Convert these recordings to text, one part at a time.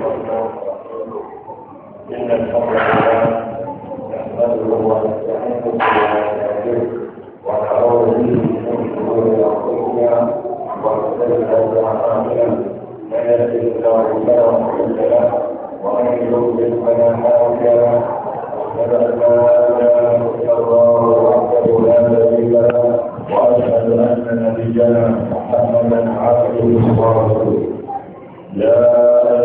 إن الحمد لله نحمده ونستعينه ونستغفره ونعوذ به من شرور أنفسنا وسيئات أعمالنا من يهده الله فلا مضل له ومن يضلل فلا هادي له وأشهد أن لا إله إلا الله وحده لا شريك له وأشهد أن نبينا محمدا عبده ورسوله يا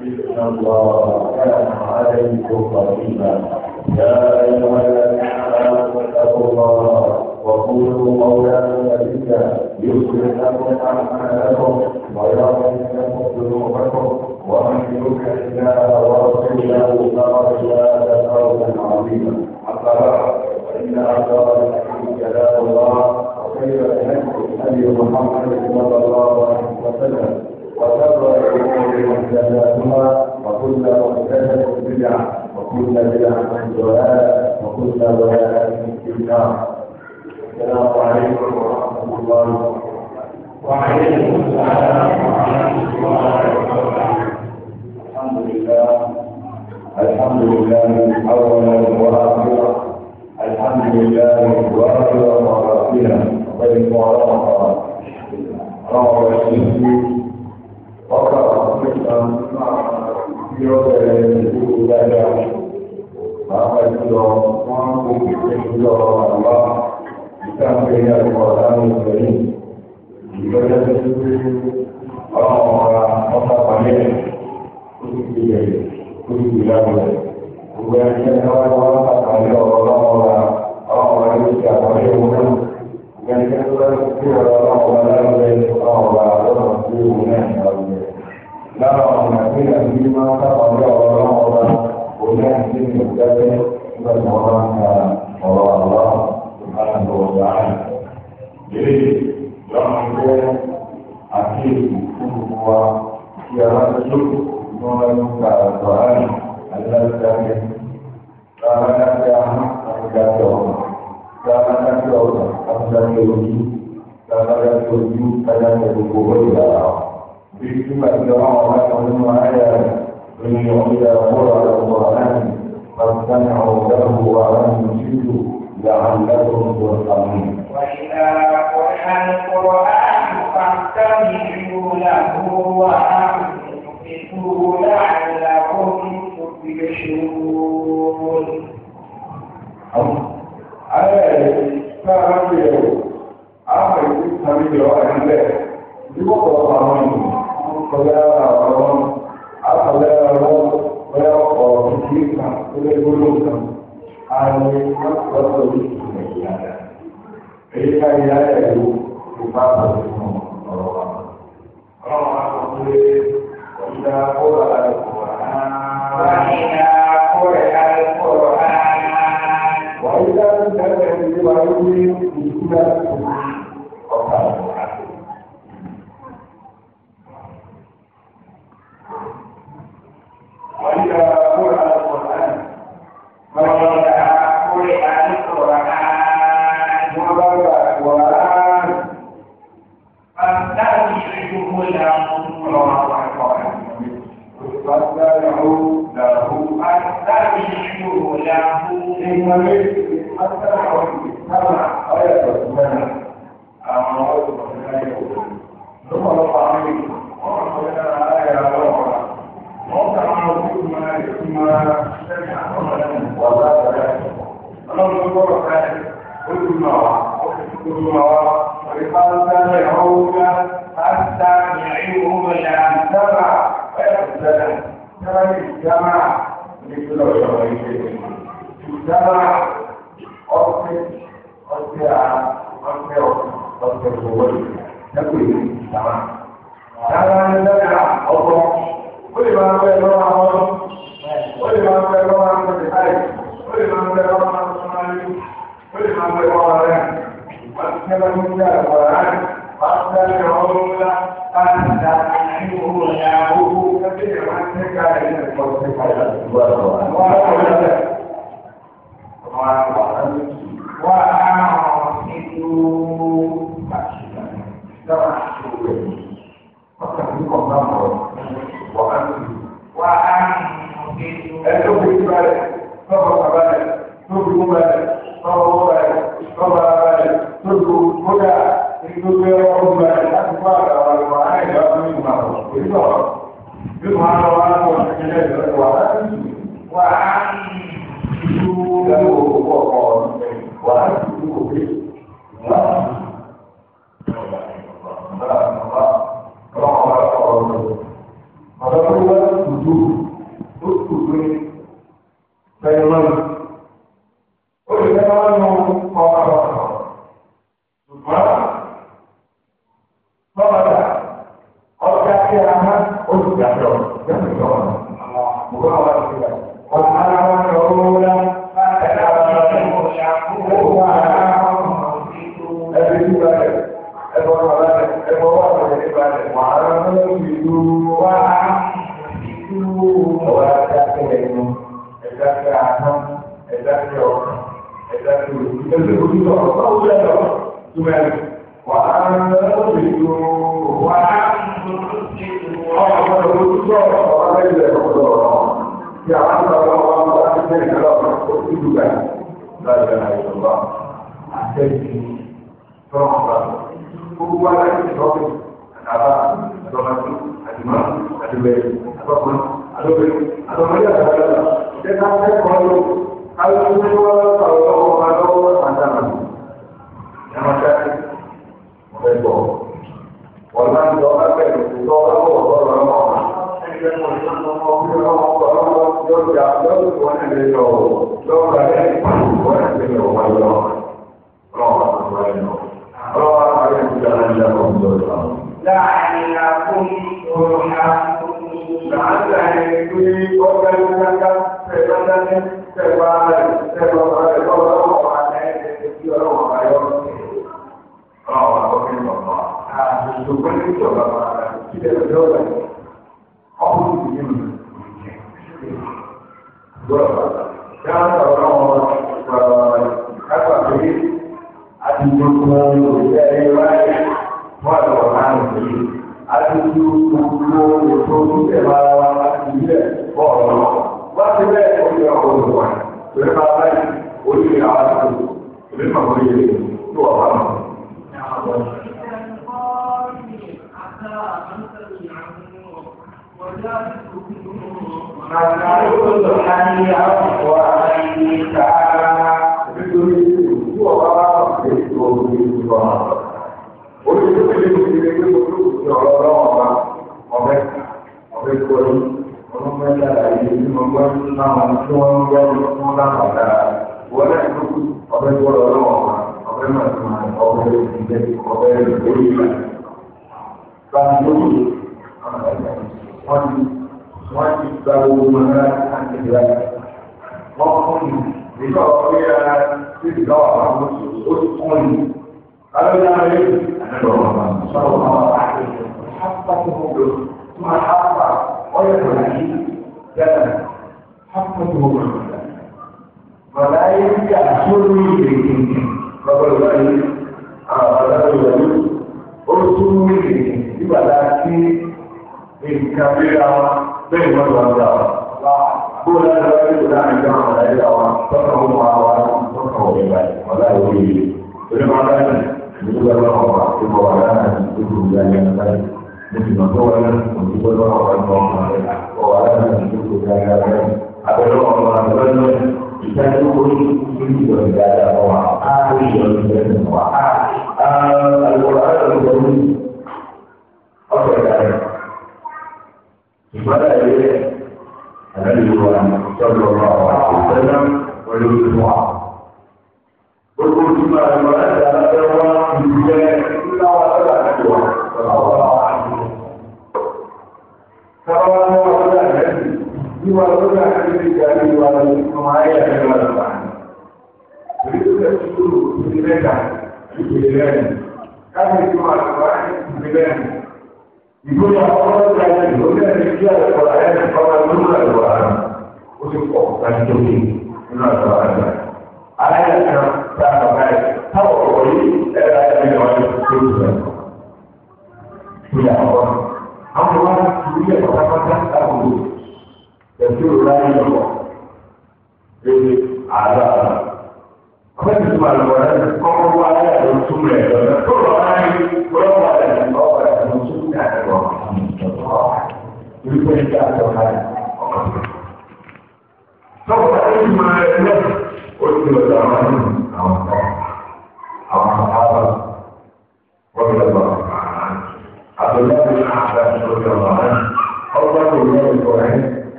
إن الله كان عليكم رحيما يا أيها الذين آمنوا اتقوا الله وقولوا قولا سديدا يصلح لكم أعمالكم ويغفر لكم ذنوبكم ومن يطع الله ورسوله فقد فاز فوزا عظيما أما بعد فإن أصدق الحديث كلام الله وخير الهدي هدي محمد صلى الله عليه وسلم وشر الامور محدثاتها وكل محدثه بدعه وكل بدعه ضلاله وكل ضلاله في النار السلام عليكم ورحمه الله وعليكم السلام ورحمه الله وبركاته الحمد لله الحمد لله اولا واخرا الحمد لله ظاهرا وباطنا طيب، وبالمعرفه رواه الشيخ ọkà òkú lára ọ̀nà tí a ti máa ń sábà ní ọ̀rọ̀ náà ọba òní àti ní ìdájọ́ nígbà tí wọ́n bá ń ka ọ̀rọ̀ àlọ́ ìbáraẹ̀dọ̀ ọ̀gá rẹ̀. Ilé ìjọba jẹ́ àkíyèsí fún gbogbo wa kí a bá tó ní wọ́n bá ń ka ọ̀rọ̀ àlọ́ àdáyédáyé. Lára dájọ́ àwọn àdájọ́ ọ̀gá. Lára dájọ́ ọ̀gá àdájọ́ ojú. عنه فاستمعوا له فاستمعوا له كثير من حكاية الموت وأنصتوا وأنصتوا gbogbo ẹwà ọgbà láti fún àgbà wà lọ àárẹ̀ ìjọba tó ní ìgbà pọ̀ èyí lọ bí mo á lọ wá lọ ìpínlẹ̀ ìjọba wà láti wà á ìlú ẹwọ òkú ọkọ wà á ìlú òkè wà á ọ̀dọ́ tó wá tùtù tó tùtù ní bẹ́ẹ̀ mọ́nà ó lè fẹ́ wá nù ọ̀rọ̀ ṣùgbọ́n. kíra má ó sì dàbọ̀ lẹ́nu tó wà. Àwọn àwọn àwọn ti rẹ̀. Ọ̀nà àwọn ọ̀rọ̀ owó la máa tẹ̀lé àwọn ọ̀rọ̀ ìwọ̀n ṣàkóso wà láwọn ọ̀rọ̀ ìlú. Ẹbí tí wà lẹ̀, ẹbọ wà lẹ̀, ẹbọ wà lẹ̀ nípa lẹ̀. Wà á rán lọ́wọ́ ìlú wà á ìlú ọ̀wà dákẹ́ ẹnu, ẹ̀dákẹ́ àná, ẹ̀dákẹ́ ọ̀kan, ẹ̀dákẹ́ òkú. Ẹgbẹ́ òkú sọ̀rọ̀ báwo lẹ́ gbọ́ ọ̀rọ̀ alẹ́gbẹ̀ ọ̀dọ̀ ọ̀rọ̀ tí a bá ń lọ wọ́n wọ́n wọ́n ti tẹ̀lé lọ́wọ́ ó ti dùgbà láti lọ́wọ́ ọkùnrin yìí nìyẹn. وتعالى ولا يكون ọbẹ̀ tó lọ lọ́wọ́ wa ọbẹ̀ máa tó máa ọbẹ̀ ìgbẹ́ ọbẹ̀ orí ìgbà láti lórí wọn ti wọn ti gba owó mọ́ra àti ìgbà wọn fún mi nígbà ọ̀pọ̀ yẹ ara tí ìgbà wà wà ó ti fún mi alóyún ara yẹ àtẹ̀wọ̀ wà sọ̀rọ̀ wà wà láti hápá tó mọ̀ lọ tó máa hápá ọ̀yẹ̀ kọ̀ọ̀lá yìí yàtọ̀ hápá tó mọ̀ lọ. ولا يرجع سوري بيتين فقال الله على الله أرسلوا بيتين ولكن من كبيرة بين مرضى بولا لا يقول عن جامعة لا يقول فقهوا مع وعلم فقهوا بالله ولا يريد ولما ذلك يقول الله عز وجل ولا يقول الله مثل ما قال ويقول الله عز وجل ولا يقول الله عز وجل سنري في الرجال وعاري الجنة وعاري القرآن الكريم أفضل عليه بدأ إليه النبي صلى الله عليه وسلم ويوسف عبد وقلت ما المرأة أدوى من جنة إلا وأدوى صلى الله عليه وسلم cewa wanda aka yi da cewa da kuma ya yi da ba Begitu saya dulu di Medan, di Medan, kami cuma orang di Medan. Ibu yang orang dari dunia di dia ada orang yang orang luar luar, untuk kok dan jadi, benar tak?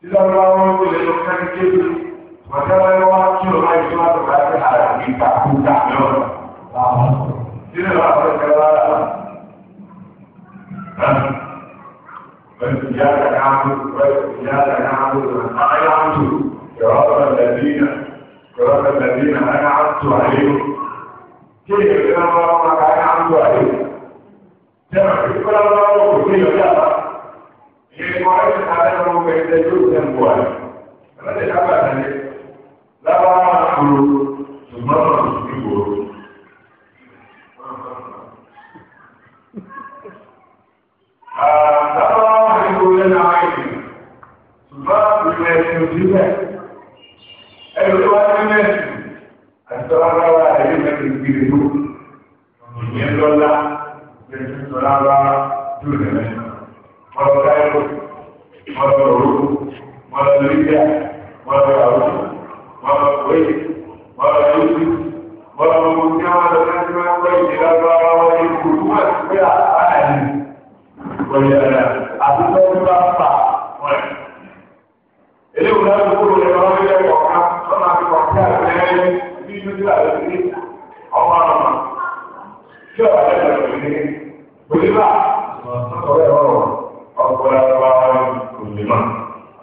Ìjọba wọn lè lọ kẹ́kẹ́ kéde, wọ́n tẹ́lẹ̀ wá kí o máa ìjọba tó bá ti hàrà ní ìtàkùnkà lọ́rọ̀. Sílẹ̀ wà fẹ́ fẹ́ wá rà. Wọ́n ti yá àgbà wọn, wọ́n ti yá àgbà wọn, àyà ń tù, ìrọ́pẹ̀ lẹ́bínà, ìrọ́pẹ̀ lẹ́bínà, àyà ń tù àyè. Kí èèyàn lọ́wọ́ wọn, àyà ń tù àyè. Jẹ́wọ̀n, ìkọ́lá wọn kò sí ìyọ̀dá ìfọwọ́sí àtàwọn ọmọ ẹgbẹ́ yóò tẹ̀ ń bọ̀ àná. Ẹ̀rọ ìdábà tẹ̀lé lábá máa kúrò ṣùgbọ́n mẹ́rin gbèrè ló. Ìyẹn lọ́lá, ìyẹn tọ́lágbára yóò lẹ́mẹ́sì wọn lọ káyọ̀ wọn lọ rúkú wọn lọ lídíà wọn lọ àrùn wọn lọ wéyì wọn lọ lùsù wọn lọ mú kí wọn lọ káyọ̀ wọn lọ ìdílé agbára wọn ní kùrù wọn ti pé àbáyé wọn yẹ ẹ àti sọ́kùn bá fà wọn. eléwù náà ló kúrò lẹ́nu ọmọ ilé ẹ̀kọ́ kan lọ́nà àti kọ̀ọ̀kí àgbẹ̀rẹ̀ bí ibi tí a lè fi ọmọ ọmọ tí ọ̀rọ̀ ẹ̀ lọ́dọ̀ ní onígbà ọ̀rẹ́ ọ̀rọ̀ ọ̀pọ̀ lárúbáwá kò lè má.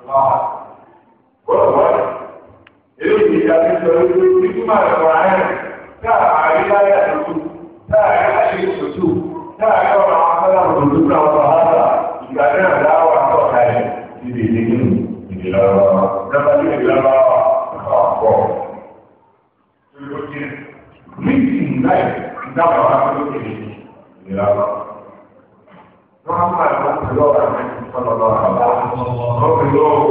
Wọ́n á máa lọ pẹ̀lú ọ̀rọ̀ Senhor.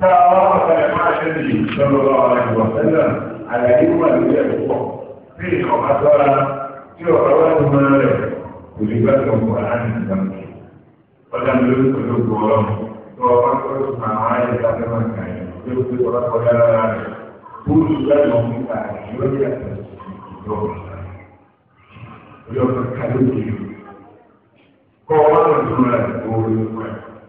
tọ́lá wọn wọ́n sọ̀rọ̀ máa ṣe lè sọ̀rọ̀ lọ́wọ́ àjùwọ̀ sẹ́lẹ̀ àlàyé wà lórí ẹ̀ púpọ̀ bí ìkọ̀ọ̀kan tọ́ra tí ọ̀rọ̀ wà tó máa rẹ̀ kò ní gbà tó ń bọ̀ láti ìgbà mi. ọjà mi lórí pẹ̀lú ògùn ọlọ́run tó ọba tó ń sọ àwọn ayé ìdájọ́ máa ń kà yín tó ń pè ọba kọjá lára rẹ̀ bóòlù lẹ́nu nípa ìyọ́jà ìjọba ìjọba kọ́ ọ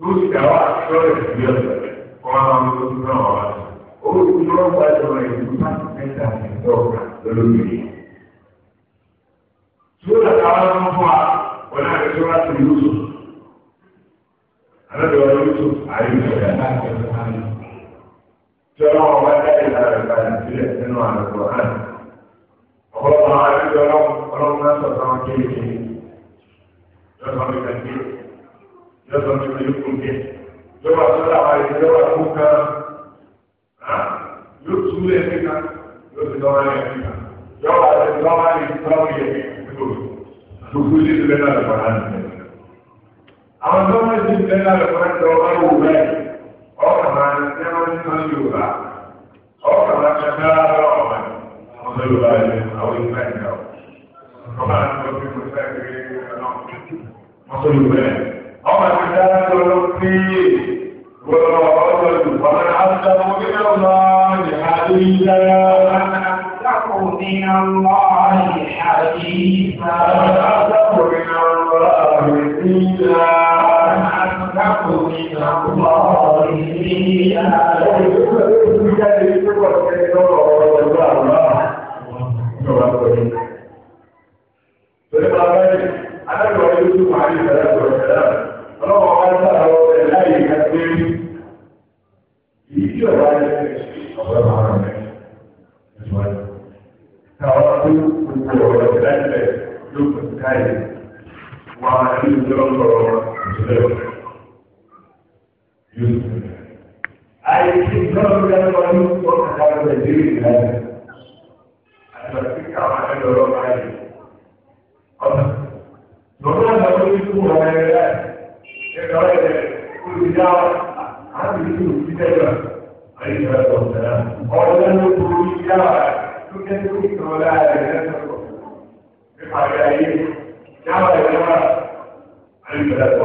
lórí ìdáwà àtúrọ̀ ìdílé ọ̀sẹ̀ kọ́ máa ń lọ sí náà wá. ó ti lọ́ wá lọ ìlú láti mẹ́ta ìjọ lọ́lọ́gbìn. Sura táwọn ń fún wa, wọ́n náà ti sọ́ra sí Yusuf. Àlọ́dọ̀ wọn Yusuf, àyè ìṣẹ̀lẹ̀ láti ọ̀sẹ̀ máa ń lọ. Tí ọlọ́wọ́ bá jáde lára ìbàdàn sílẹ̀ nínú àlùkò náà. Ọ̀pọ̀lọpọ̀ àwọn àlejò ọlọ́run lọ́sọ̀ ní ìlú kúndé lọ́wọ́ àtúntà wà ní lọ́wọ́ àkókò yóò tú ẹ̀mí kan yóò ti lọ́wọ́ ẹ̀mí kan yọ́wọ́ àti lọ́wọ́ ẹ̀mí lọ́wọ́ ẹ̀mí gbogbo ilé ìlú náà lọ́wọ́ àti àwọn tó wọ́n ti bẹ́ẹ̀ náà lọ́wọ́ àti lọ́wọ́ ẹ̀wò bẹ́ẹ̀ ọkàn máa ń tẹ́ wọ́n ní sọ́ọ́ yorùbá ọkàn máa ń tẹ́ ọmọ ìgbésẹ̀ láti ọlọ́pù sí gbọ́dọ̀ ọjọ́ ìgbà wọn àti ọmọ ìgbésẹ̀ ọmọ ìhàdíjà. Àtàkùn ní ọlọ́ ìhàdíjà. Àtàkùn ní ọlọ́ ìhàdíjà. Àtàkùn ní ọlọ́ ìhàdíjà. Thank you àtẹ́gbọ̀ yóò wà ní ìfẹ́lẹ́gbọ̀ ìfẹ́lẹ́ ọlọ́wọ́ wá sáàrọ̀ ẹ̀ láì ẹgbẹ́ ìdí ọ̀rọ̀ ayé ọ̀rọ̀ máa rẹ̀ mẹ́rin. Àwọn akókò ọ̀rọ̀ ìdájẹ́ ló kọ̀ káyé wà ní ìjọ́lọ́rọ̀ ìjọ́lọ́. Àìsí ìjọ́lọ́rọ̀ ìjọ́lọ́ onídùúgbò ọ̀rẹ́ rẹ̀ rẹ̀ ẹ̀kọ́ rẹ̀ rẹ̀ olùdíjà àti ìlú ìdíjẹ́jọ́ àyíká ọ̀sẹ̀ ọ̀rẹ́ ló burú ìyá tó jẹ́ tó ìtàn láàrin lẹ́sọ̀kọ̀ nípàdé ayé yáwà ìyáwà àyíká ọ̀sẹ̀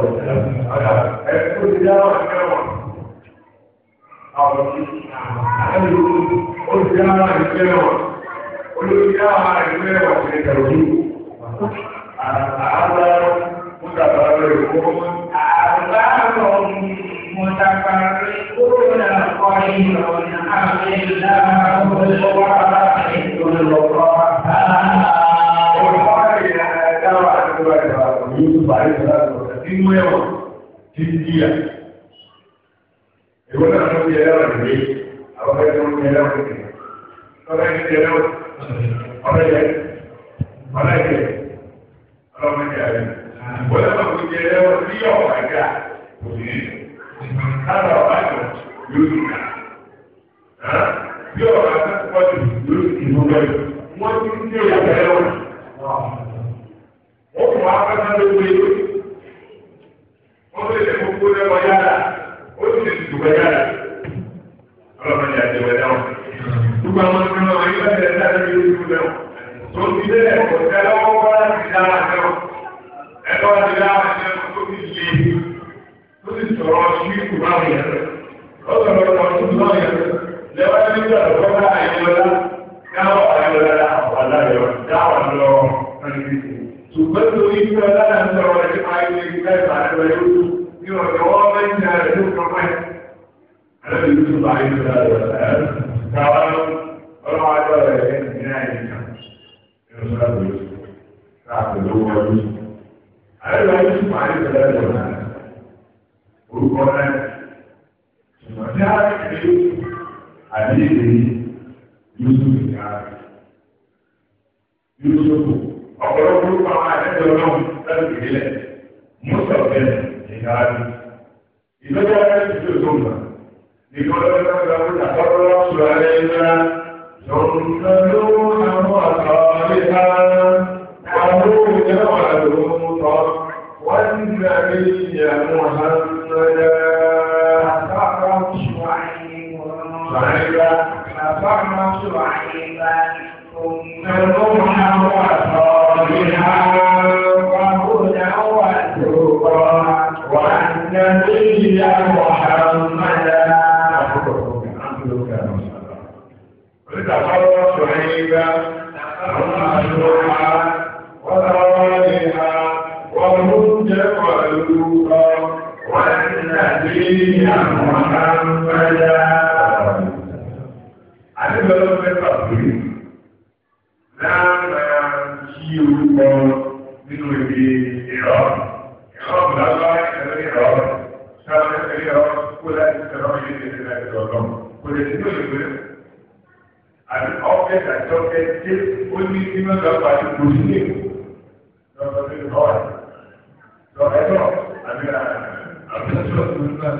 ọ̀dà ẹ̀kọ́ olùdíjà wà ní ẹ̀wọ̀n àwọn olùdíjà wà ní ẹ̀wọ̀n olùdíjà wà ní ẹ̀wọ̀n ní ẹ̀wọ̀n أرباب متفرقون خير أم الله الواحد القهار Tindiya, ìwọ́n náà ló ń yẹ lọ́wọ́ ìwé, àwọn ẹgbẹ́ ló ń yẹ lọ́wọ́ ìwé, ọ̀rẹ́ ìjẹ lọ́wọ́, ọ̀rẹ́ ìjẹ, ọ̀rẹ́ ìjẹ, ọlọ́mọdé àárẹ̀ bóyá wọn kò jẹ ẹ wọn bí ọ̀pá ga kò sí kára ọ̀pá jọ yóò ti kà bí ọ̀pá akẹ́kọ̀ọ́ jù yóò ti mú bẹ́ẹ̀ wọ́n ti ń ṣe ìyàtọ̀ ẹ̀ wọn. wọ́n kò wá pátá ló gbé wọ́n lè lè kókó lẹ́wọ̀ yára ó sì lè dùgbẹ́ yára ọlọ́run ní àjẹwẹ́ dáhùn. gbogbo àwọn ọmọ ìgbà wọn yóò tẹ̀lé láti rí ojú lẹ́wọ̀n. tó ti bẹ́ẹ̀ kò ẹ̀rọ àdìrà àti ẹ̀rọ tó ti lè tó ti sọ̀rọ̀ sí ìkùnmáwò yẹn lọ́sọ̀ lọ́sọ̀ tó ti lọ́ọ̀ yẹn lẹ́wọ́n ní ìgbà lọ́wọ́ bá àyẹ̀wọ́lá káwọ́ àyẹ̀wọ́lá àwọ̀lá yọ dáwà lọ ṣùgbọ́n tó yí pé ọlọ́dà ń sọ̀rọ̀ ẹ̀ nípa ilé ìgbà ìbàdàn rẹ̀ lóṣù ní ọ̀dọ̀ wọ́n mẹ́ta rẹ̀ ló kọ́ pẹ́. Àlọ́ ìlú tó bá yí lọ káwá ọlọ́wọ́ àjọ rẹ̀ ní àyíká. Ẹ̀rọ sọ́dọ̀ lóṣù. Káàkiri ló wọ́n lóṣù àyẹ̀wò ayé tó máa ń náà orúkọ náà ṣùgbọ́n tí a kéré àbí èdè yóò ní ara yóò ọ̀pọ̀lọpọ̀ orúkọ àwọn àtẹ́jọ́ náà láti kéde lẹ̀ mọ́tò ọ̀bẹ ìgbà rẹ̀ ìlọ́jọ́ ayé tó tó tó mọ̀ nìkan lọ́jọ́ náà lọ́wọ́ ìdàkọ́rọ́ lọ́sùn alẹ́ ńlá lọ́nà ló àwọn àtàwọn يدعون لوطا والنبي محمدا أفر شعيبا أفر شعيبا ثم نوحا وصالحا محمدا àdébí ọlọ́run mẹ́fà péré láàmà kí orúkọ nínú èdè ìrọ̀ ìrọ̀ bùdàgbà ìṣẹ̀lẹ̀ ìrọ̀ sábà ìṣẹ̀lẹ̀ ìrọ̀ kó láti sọ̀rọ̀ ilé ìṣẹ̀lẹ̀ láti ọ̀dọ́ kò lè sí òye pé àti ọ́fẹ́ àti ọ́fẹ́ tí ó ní ìmọ̀gbà pàdé kò sí ní ìkó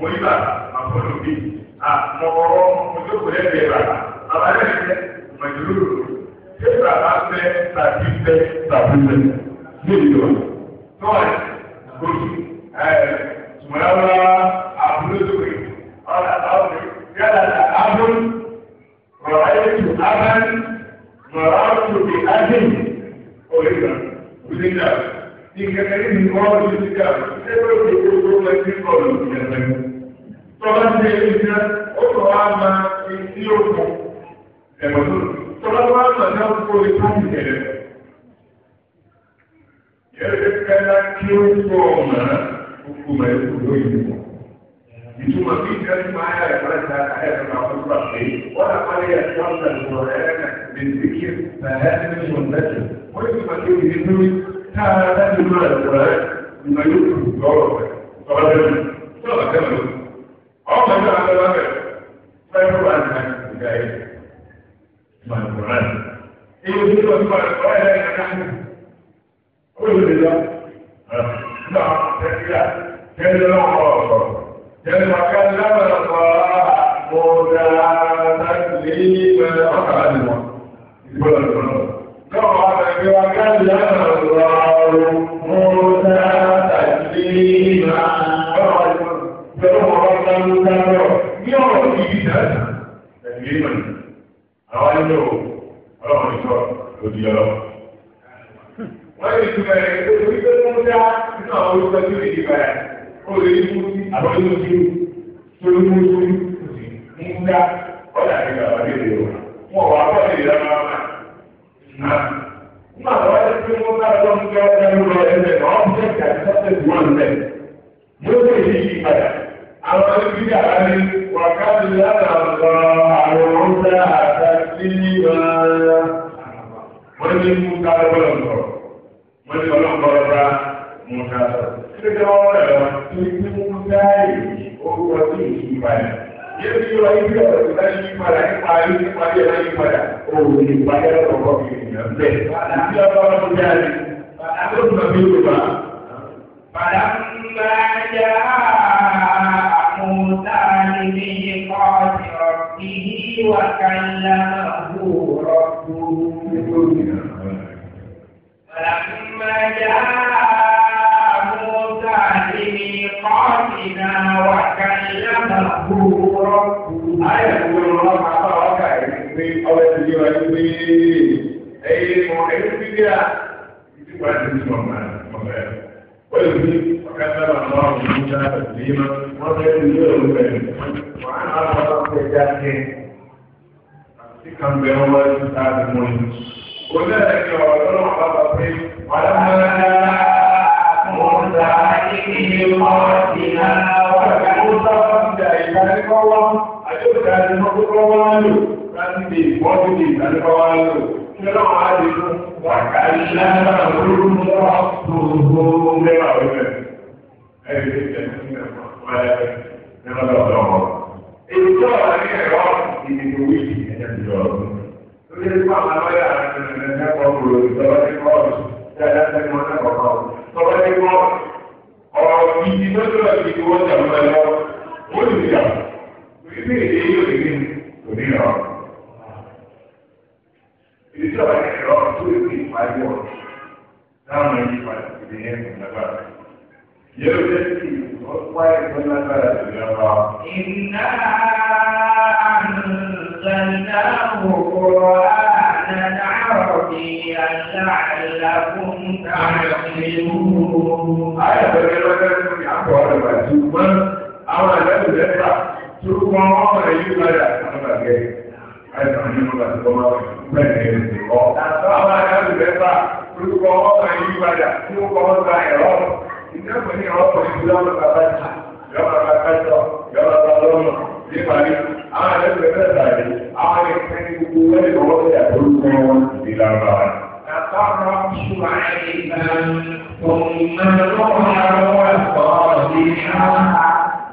mo ní bàbá àfọlù bí a mọ ọ̀rọ̀ ojókòó lẹ́gbẹ̀ẹ́ bàbá bàbá lẹ́gbẹ̀ẹ́ mọ̀jòló ṣé bàbá fẹ́ tàbí fẹ́ tàbí fẹ́ ní ìlú kí ó pọ̀ mọ́ gbogbo mọ̀ ẹ̀kú lóyìn mọ́. Ìtumọ̀ bí ìkẹ́lí máa yára ìfọ́lẹ́ta àyẹ̀kọ́ àwọn ọ̀dọ́ pé wọ́n á parí ẹ̀kọ́ ọ̀sẹ̀ ìwọ̀n ẹ̀ẹ́nà lè ti kí ẹ̀ẹ́nà ní ìmọ̀lẹ́sẹ̀. Wọ́n yóò máa kí òye lórí táà láti máa ẹ̀kọ́ rẹ̀ ìmọ̀ yóò kù lọ́rọ̀ rẹ̀ tọ́lá lẹ́nu tọ́lá lẹ́nu. Ọmọ ìjọba lọ́wọ́ rẹ̀ fẹ́ẹ́ rú àti àti ìgbà yìí. Ìmọ̀ ẹ̀kọ́ rẹ̀. Èyí ò Nígbà wọn kò tẹ́tíyà, tẹ́lẹ̀ náà wọ̀ ọ̀rọ̀. Tẹ́lẹ̀ máa ká lábàá pa mo dá láti lé ìgbẹ́ ọ̀kàlá ni wọn. Ìgbọ́dọ̀ lọ́nà. Náà wọ́n á bẹ̀rẹ̀ wá ká lábàá pa mo dá láti lé ìgbẹ́ ọ̀kàlá ni wọn. Ìgbọ́dọ̀ wọn bá ká ló dá lọ. Ní ọ̀rọ̀ yìí dáadáa, ẹ̀mí ìmọ̀ ni. Àwọn ẹni ò ọlọ́run ìjọ lòdì ọlọ́run. Wọ́n yóò túnbẹ̀ ẹni tó dá nínú àwọn orúkọ tí ó lè yí padà ó lè ní mú sí àwọn inú sí tó ní mú sí mú dá ọ̀dà ní bàbá lè lè wà. Wọ́n wà á lè lọ máa mà. Nígbà tó wá ni mú ká lọ́wọ́ lọ́wọ́. Wọ́n ní ọlọ́pàá ọ̀rọ̀ Musa sọ. Ṣé kí wọ́n rẹ̀ wọ́n tó ní Musa yìí orúkọ sí ìyípadà? Yéé fi lọ ibi ọ̀rọ̀ tó bá yípadà nípa ayé nípa ayé bá yípadà. Òun ni ìpàdé ọ̀rọ̀ kì í bẹ́ẹ̀. Àbí ميقاتنا وكلمه ربه آية الله عبر وكا يمكن أو يتجيب يمكن أي محيط بها يجب أن يجب أن ويقول وكذب الله موسى تسليما وغير يوم وعن أربعة رجال كم بيوم الإنسان المهم وذلك يقول الله عز وجل ولما موسى عليه قاتلا موسى قد إذا قوم أجل كان مقوال فانبي وابدي كان قوال كلا عادل وكلمه ربه Ìjọ àárín ẹ̀rọ ìdìbò wíìkì ẹ̀jẹ̀ ìjọ ọ̀dún. Lórí ẹgbẹ́ àwọn aláwọ̀ yàrá ìrìnàjò ẹ̀kọ́ kúrò ìjọba ní kọ́ọ̀tù tí a dá sẹ́nu ọ̀nà kọ̀ọ̀kan tọ́wọ́ ní wọ́n ọ̀rọ̀ yìí lọ́jọ́ ìdí ni wọ́n jàmọ́ ẹ lọ wọ́n lè jà ilé èdè ìjọba ìrọ̀ tó lè لسانا عربيا لعلكم تعقلون bàbá ìjọba bàbá bàbá lọ́mọ níparí àwọn ẹlẹ́gbẹ̀ẹ́ mẹ́ta yìí àwọn ẹgbẹ́ ní gbogbo wẹ́lẹ̀ lọ́wọ́ sí àtọ́lùkọ́ wọn ní lábára. Àkọ́kọ́ ṣùgbọ́n ìgbàn òmìnira lọ́wọ́ àwọn ẹ̀kọ́ ní ṣáà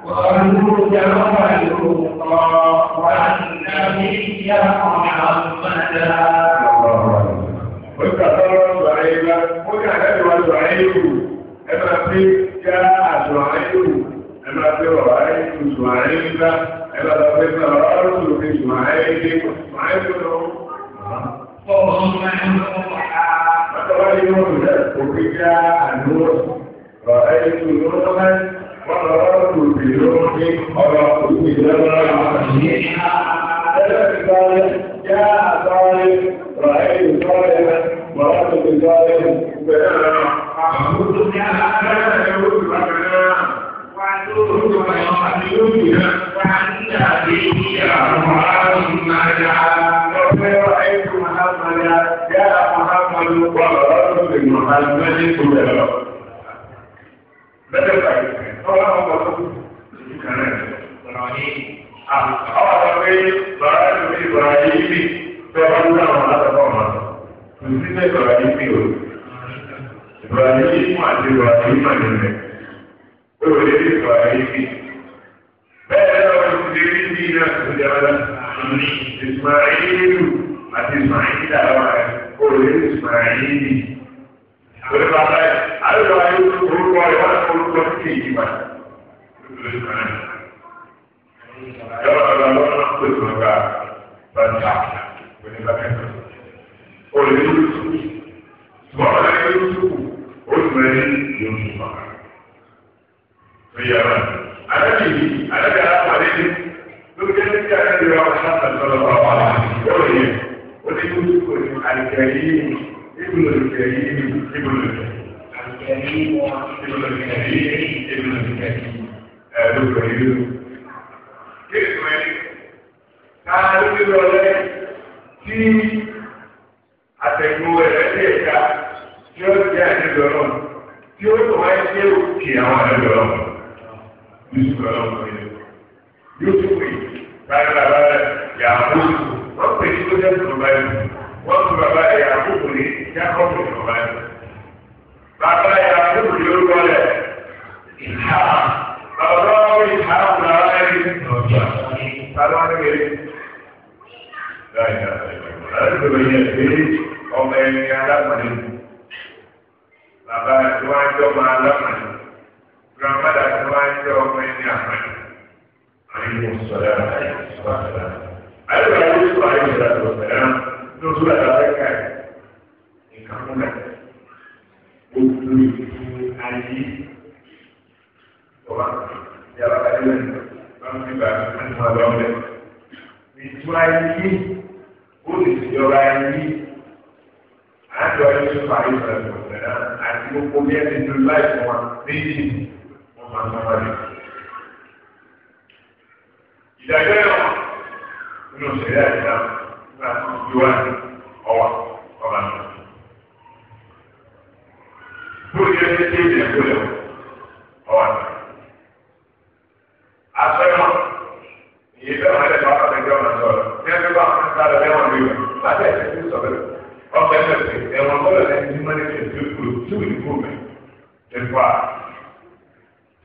pẹ̀lú ìjọba ìlú kọ́ wà nàbí ìyá ọ̀hánmọ́dá. Ó kàtọ́ lọ́wọ́ àyíká, ó kàtọ́ lọ́wọ́ àyíká, ẹ máa fi já àjọ àyíká. ẹgbà pé ọ̀rọ̀ ayé tó sùn ayé ń gbá ẹgbà lọ pé ọ̀rọ̀ ọ̀rọ̀ tó fi sùn ayé dé sùn ayé tó lọ. Bàtàwá yìí wọ́n lè òkè já àdúrà ọ̀rọ̀ ayé tó lọ́wọ́ wọ́n lọ ọ̀rọ̀ tó fi lọ́wọ́ ní ọ̀rọ̀ òkè lọ́wọ́ ẹlẹ́sìn sáré já àtàwé ọ̀rọ̀ ayé tó sáré ọ̀rọ̀ tó fi sáré pẹ̀lú àwọn olùdókòwò. Ibrahim àti Ibrahim àti Ibrahim lórí ilé ìgbà ayébí. Bẹ́ẹ̀ náà wọ́n ti lè rí bí iná tó jẹ́ wọn ní Ismailu àti Ismaila lọ́wọ́ rẹ̀ lórí ilé Ismaili. Lórí bàbá yẹn, àlọ́ ayé orúkọ rẹ̀ wọ́n ti orúkọ sí èyí wà. Yọ̀rọ̀ ọ̀la lọ́nà tó tó ga bàtà òní bàbá yẹn. Olè Yusuf, ó sì mẹ́rin Yusuf bàbá. Ìyàrá. Àdébìyí, àdébìyí aláwọ̀dé ni lókè ní kí àdébìyí wa wọ́n ṣáà sọ̀rọ̀ wà wà lórí yẹn. Ó ní kú kò ní àlùkẹ́yì ìbùlọ̀lùkẹ́yì ìbùlọ̀lùkẹ́yì. Àlùkẹ́yì ìbùlọ̀lùkẹ́yì ìbùlọ̀lùkẹ́yì. Ẹ̀ lókè yìí ló. Kí ni ìtumọ̀ ẹni? Ká ló ti lọ lẹ́ tí àtẹ̀gùn ẹ̀rẹ́ Yusuf lọ́wọ́ pé Yusuf yìí báyìí bàbá rẹ̀ yàgò wọ́n pè ní kójá tó bá yìí wọ́n pè bàbá rẹ̀ yàgò kò ní yàgò kò ní bàbá rẹ̀. Bàbá yàgò kò ní orúkọ rẹ̀ ìhà bàbá rẹ̀ ìhà ọ̀nà rẹ̀ ọ̀jà sálọ́ ní kéré. yẹn tí wọ́n á jọ́ máa alámọ̀lẹ́. Ramada ni wọ́n á jẹ́ ọmọ ẹni àpàdé. Àyẹ̀wò sọ̀rọ̀ àyẹ̀wò sọ̀rọ̀ àyẹ̀wò sọ̀rọ̀ àyẹ̀wò sọ̀rọ̀ àyẹ̀wò sọ̀rọ̀ àyẹ̀wò sọ̀rọ̀ lóṣù àtàlẹ́kà nǹkan múlẹ̀. Gbogbo ìlú ayé ọ̀wá yàrá ayé wọn ti gbà ẹnu ọ̀dọ́ ọ̀lẹ̀. Ìtú ayé ó lè ṣèjọba ayé àjọ ayé sọ̀rọ̀ àyẹ̀wò sọ̀rọ̀ àti gbogbo bí ẹni tó láì fún wa méjì máa ń sábà ìdájọ́ ẹ̀wọ̀n nínú ìṣẹ̀lẹ̀ àìsàn nígbà tó ń gbé ní ọwà ọba náà. lórí ẹgbẹ́ tí èdè ẹ̀kọ́ lẹ̀ ọwà náà. aṣọ ẹ̀wọ̀n ìyẹn bẹ́ẹ̀ wọn lẹ́nu ọkọ̀ ẹgbẹ́ wọn sọ̀rọ̀ ní ẹgbẹ́ wọn ń sáré lẹ́wọ̀n mi láti ẹ̀sẹ̀ tó sọ̀rọ̀ ọkọ̀ ẹ̀wọ̀n kọ́lọ̀ lẹ́yìn tí mọ́lẹ́sẹ̀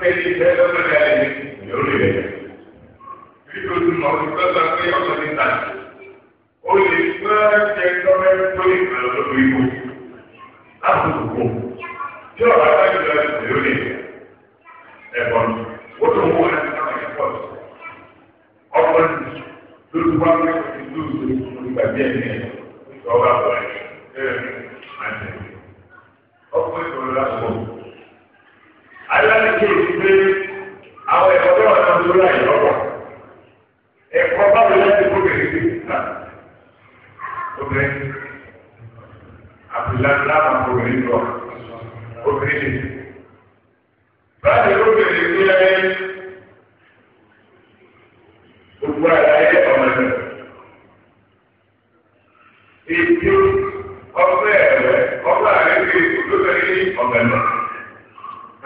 méjì fẹ́ lọ́dọ̀ ní alẹ́ mi lórí rẹ̀. Nítorí mọ̀ ní sọ́sọ́ pé ọ̀sọ̀ ní ta. O lè fẹ́ ṣe lọ́rẹ́ tó ìgbàlọ́ lórí ikú. Láàbùkù kò. Tí ọ̀rọ̀ adájọ́ lọ sí lórí ẹ̀bọ̀n. Ó tó wọ́n láti aláàbíkè ti pé àwọn ẹ̀kọ́ tó wà náà lórí àyọ̀wà ẹ̀kọ́ báwo ni wọ́n ti kó bèrè sí ìta obìnrin àbúláńlá máa kó bèrè lọ obìnrin lè báyìí ló bèrè sí gbogbo àlàyé ọmọ ẹ̀ ètò ọgbẹ́ ẹ̀rẹ́ ọgbà rẹ̀ fi ìkúlóbẹ̀rẹ̀ ní ọ̀gbẹ̀mọ̀.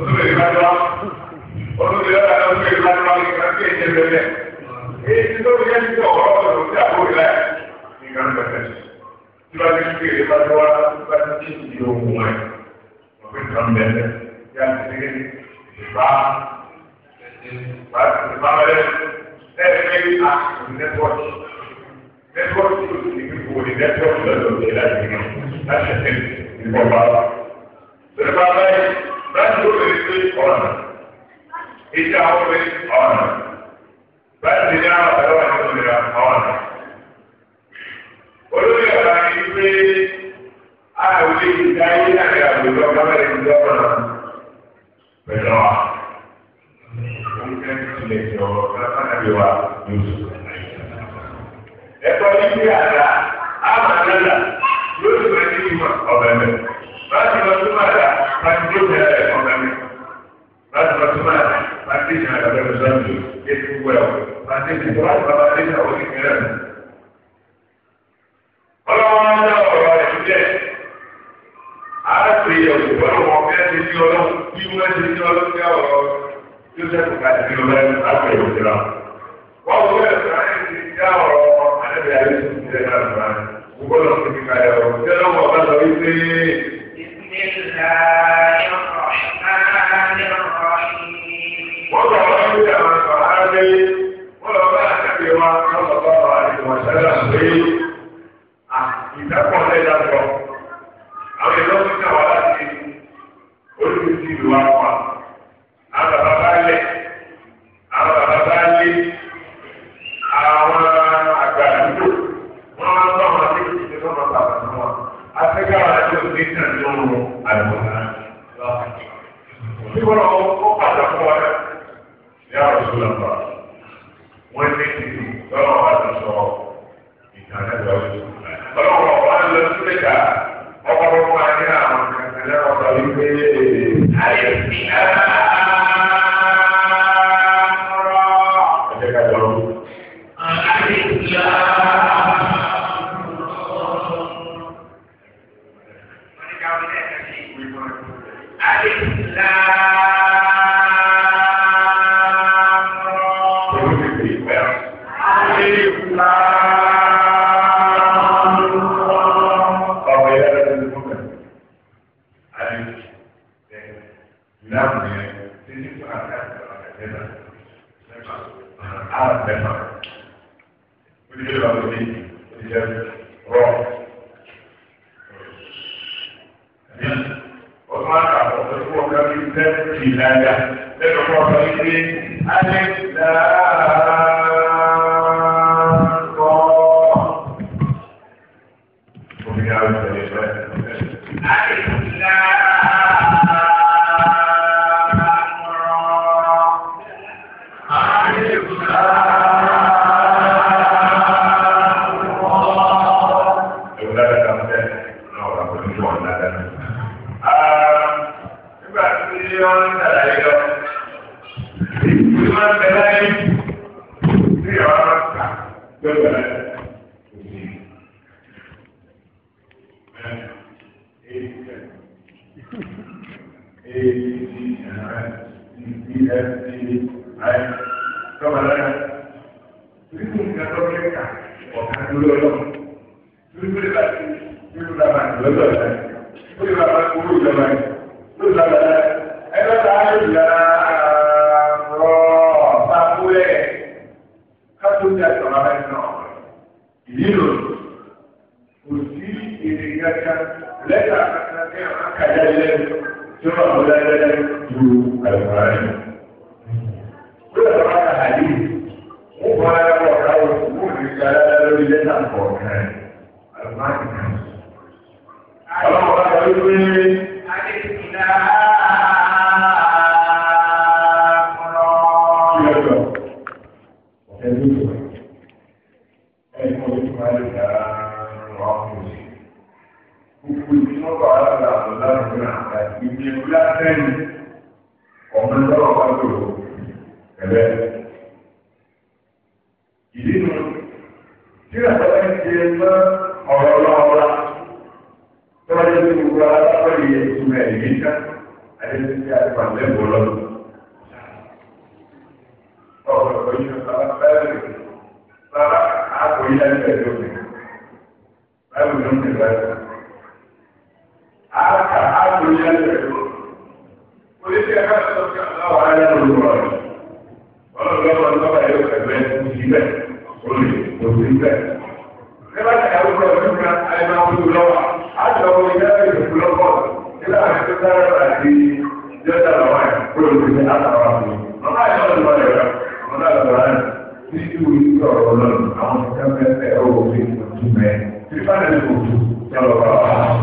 olóògbé ìbájọ́ olóògbé lọ́la lọ́gbé ìbájọ́ ìgbà tí èyí ń bẹ̀rẹ̀ èyí tó yẹ kí ọ̀rọ̀ ọ̀rọ̀ tí a kò rí láyé nígbà tó bẹ̀rẹ̀ tí wọ́n ti gbé ìbájọ́ wa bá ti kí ìdí ohun wọn ọ̀gbẹ́ kan bẹ̀rẹ̀ yá ti rí ìbá ìbá bẹ̀rẹ̀ ẹ̀ẹ́dẹ́gbẹ́ àkùn nẹ́tíwọ́ọ̀kì nẹ́tíwọ́ọ̀kì tó ti ní kó ní nẹ́tíwọ́ọ̀kì lọ́dọ̀ báyìí obìnrin pé ọ̀nà ìjà obìnrin ọ̀nà báyìí ní àwọn ọ̀dọ́ wà ní òmìnira ọ̀nà. olórí ọ̀la ni pé àwọn ilé ìjà yé láti àgbègbè ọ̀gáfẹ́ ti lọ́wọ́ náà pẹ̀lú wa. oúnjẹ ti lè jọ lọ́sàkàbí wa lóṣù. ẹ̀kọ́ ní bí àdá àmàlẹ́là lóṣù ẹni ìmọ̀ ọ̀bẹ̀mẹ̀. báyìí lọ sí màdà pàtó tó bẹ̀rẹ̀ ẹ̀ ọ̀gá mi láti lọ sí máa pàtó ìṣẹ̀lẹ̀ àgbẹ̀ mi sọ́ọ́ mi ètò ìwẹ̀ ọ̀ pàtó ìṣẹ̀lẹ̀ láti bàbá dé ìṣẹ̀lẹ̀ òní ìpínlẹ̀ mi. ọlọ́wọ́n ń dá ọ̀rọ̀ rẹ̀ jẹ́ àgbéyẹ̀wò pẹ̀lú ọ̀fẹ́ ti di ọlọ́run bí wọ́n ti di ọlọ́run jẹ́ ọ̀rọ̀ Jósẹ́fù kàdìrí ọlọ́run àgbéyẹ̀wò ti ra. wọ́n wọ́n ẹ̀sán الله الرحمن الرحيم وضع عند الصحابي ولما كبر صلى الله عليه وسلم في إذا قلت òfin òtún bẹ́ẹ̀ tí fáwọn ẹni kò tún lọ́wọ́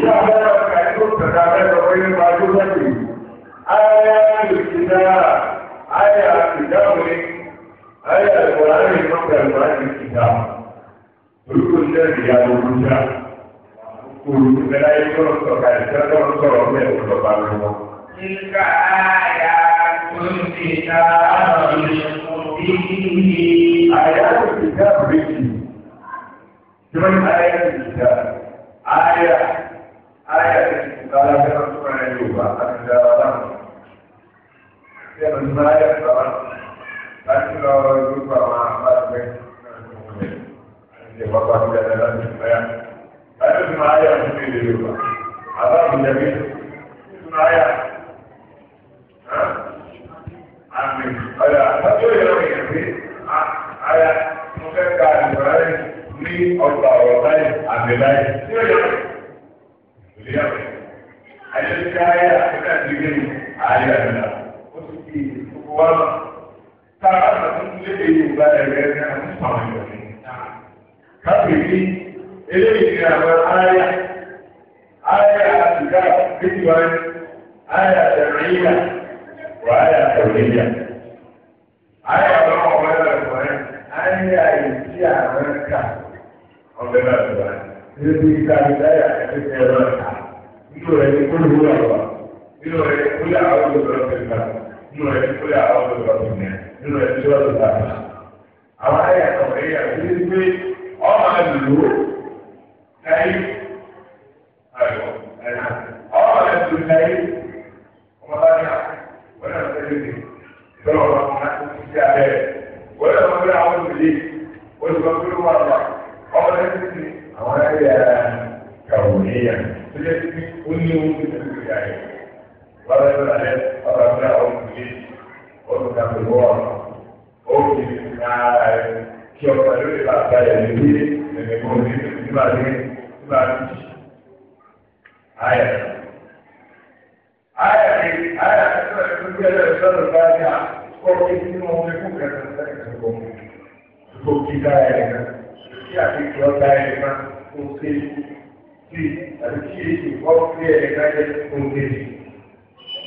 ìṣẹ́ abẹ́rẹ́ ọ̀kà ẹ̀kọ́ tẹ̀lé abẹ́rẹ́ ọ̀kọ́ yẹn máa tó sẹ́kì. Ayé àtìdá ayé àtìdá òní ayé àgbọ̀lá ní ìtọ́kẹ̀ ẹ̀kọ́ láti ìdá. Orúkọ iṣẹ́ ìyá lóko já. Olùkọ́ bẹ́ẹ̀ láyé tọ́lọ̀ sọ̀kà ìṣẹ́ tọ́lọ̀ sọ̀rọ̀ bẹ́ẹ̀ tó lọ bá lọ́wọ́. Nígbà ayà tó ń ti dá ọ̀rọ̀ ìṣòro aya ta ce ta ya ga su kana yi ba a kan da ba sai mun ma ya ba ba shi ga yi ba ma ba da kai ne ba ba da da da ya ba da ma ya mu ne da ba a ba mu da ne ọ̀rọ̀ báyìí àmì báyìí beliau ada kaya kita begini ada lah mesti kuat sangat mungkin lebih ibadah dengan kamu sama ini tapi ini ini adalah ayat ayat juga tujuan ayat terlihat ayat terlihat ayat orang orang ayat yang dia mereka orang orang ní ti ìta ìdáyà ẹni tẹ ẹ̀rọ ẹ̀ka nínú rẹ̀ ní kúlù wúlò ọ̀rọ̀ nínú rẹ̀ ní kúlù àwọn olùdókòwò ìgbà nínú rẹ̀ ní kúlù àwọn olùdókòwò ìgbà nínú rẹ̀ ní kúlù àwọn olùdókòwò ìgbà. àwọn ayé àkọ́kọ́ yìí àti ní pé ọmọ àlùlù láyé ọmọ àlùlù láyé ọmọ bá ní àwọn ọ̀nà ìṣẹ́lẹ̀ ìṣọ́nà ọ̀nà ìṣẹ́ abẹ́rẹ́ wọ́n lọ́wọ́ bí àwọn olùdíje olùkọ́ àwọn ẹ̀yà kàwòníyà tó yẹ kí ó ní ohun tó ti gbé ayé wọ́n lọ lálẹ́ ọ̀rọ̀ ní àwọn òkùnlé olùkàgbé wọ́n ó fi ara rẹ̀ kí ọkọ̀ lórí bàbá rẹ̀ lè rí ẹ̀mí kan ní nígbà tí nígbà tí ayẹ. Ayẹ ni ayẹ tó ẹ̀ tó gbé ẹ̀rọ ìṣọ́nù bá yà kó kí nínú ọmọ ikú kẹsàn-án sẹ́yìn tó kọ́ kó kí ká ẹ̀rẹ̀ náà kí àkèké ọba ẹni máa kó kéjì sí tàbí kí èsì ọ̀pẹ ẹni máa jẹ́ kó kéjì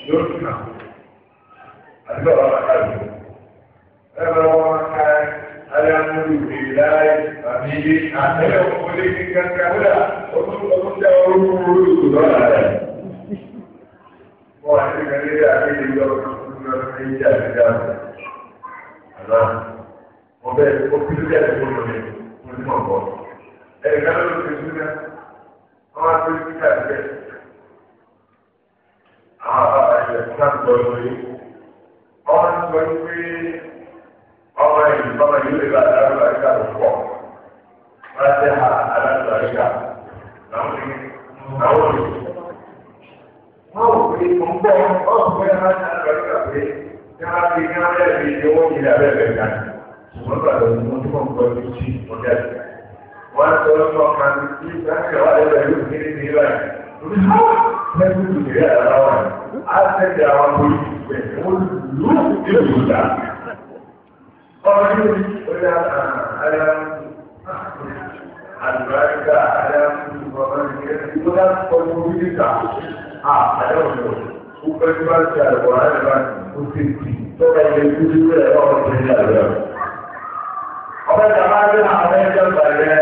yóò tún àwọn àti ọ̀rọ̀ àkàlù. Ẹ bá wọn ká alámúlù ìláyé àbí àtẹ̀lẹ́ òkúlé ní kankan wúlà ọdún ọdún jẹ́ orúkú orúkú lọ́la rẹ̀. Wọ́n àti ìgbàlódé àgbègbè yọ ọdún lọ́dún ní ìjà àti ìjà àgbà. Àná, mo bẹ̀rẹ̀ kó kí ló dé àti kó lọ onímọ̀ bọ̀. Ẹ̀rì kan ló ti sún náà, wọ́n á tó síkà jẹ́. Àwọn bàbá yẹ sáàtọ̀ lórí. Wọ́n ń sọ pé na na mo bọ̀ ọ́ kí ní abẹ́rẹ́ abẹ́rẹ́ ṣùgbọ́n bàbá mi mo túbọ̀ ń gbọ́ ní tí mo dẹ̀ wọ́n á sọ ọ́ ọ̀ka mi tí láti ọ̀wá ẹ̀rọ ìlú mi ní ní ìlànà omi ha lẹ́gbẹ̀ẹ́ tó kéré àrà wà ní á tẹ̀lé àwọn orí ìgbẹ́ wọ́n lù ú ìlú ìlú ọdún orí àyà àlùbáríkà àyà ọmọ ìgbẹ́ tó dá ọdún orí níta àyà ọ̀dọ́ ó fẹ́ bá ti àlùbọ̀ àyà bá ti ó ti tì tọ́ka ilé tó ti rẹ̀ ọ̀rọ̀ tó ní àlùbáríkà ọbẹ̀ jàmbá bí wọn àwọn ẹgbẹ́ gbàgbẹ́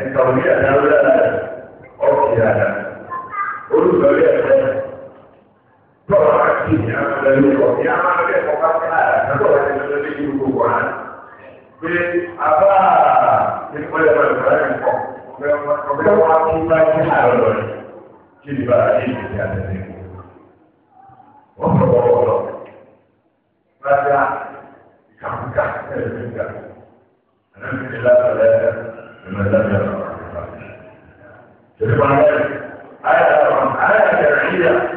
ẹ̀ka òní ẹ̀dá lọ́dà ọ̀kì àdá olùsọ̀rí ẹ̀fẹ́ tọ́lá àti ìyá lẹ́nu kọ̀ ní àwọn akẹ́kọ̀ọ́ bá fẹ́ àdàkọ́ láti lọ́dọ̀ ní ìlú gbogbo wa pé àbá ìpínlẹ̀ mọ̀lẹ́mọ̀lẹ́ ẹ̀kọ́ ọ̀gbẹ́ wa kú bá kí àrọ̀ lọ́rẹ̀ kí ni bá yé ìdí àtẹ̀lẹ́ wọ́n fọwọ́ wọ́n lọ bá dá ìkàkùkà ẹ̀rẹ́ أمام خلاف ثلاثة لمن لم يقرأ تسمع ذلك آية طبعا آية شرعية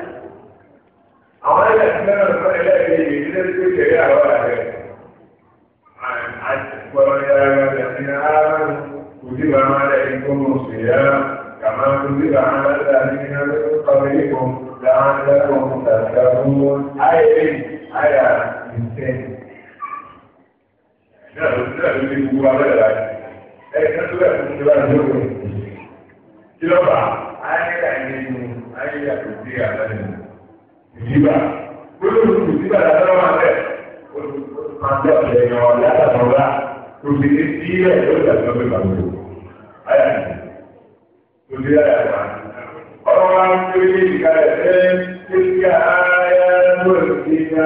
أو آية إنما الفرق لا يجري من كل شريعة ولا شيء ويا الذين آمنوا كتب عليكم الصيام كما كتب على الذين من قبلكم لعلكم تتقون آية آية, آية من سنة náà ló náà ló ní gbogbo abẹ́rẹ́ láti ẹ̀ ẹ̀ tó bẹ́ẹ̀ fún mi wá ní òkè kí ló bá ayé àyè nù ayé àtòkè àbẹ́rẹ́ nù ìdíbà gbólóhùn ìdíbà làbẹ́rẹ́ wà bẹ́ẹ̀ olùkọ́ ẹ̀yàn ọ̀dà àtàkọ́lá tòkìtì sílẹ̀ lórí àtàkọ́lá ìgbàgbọ́ ayé àyè tòkìtì ayé àtàkọ́lá ọ̀rọ̀ wa ń pè é ìkàlẹ̀ ẹ̀ ń pè é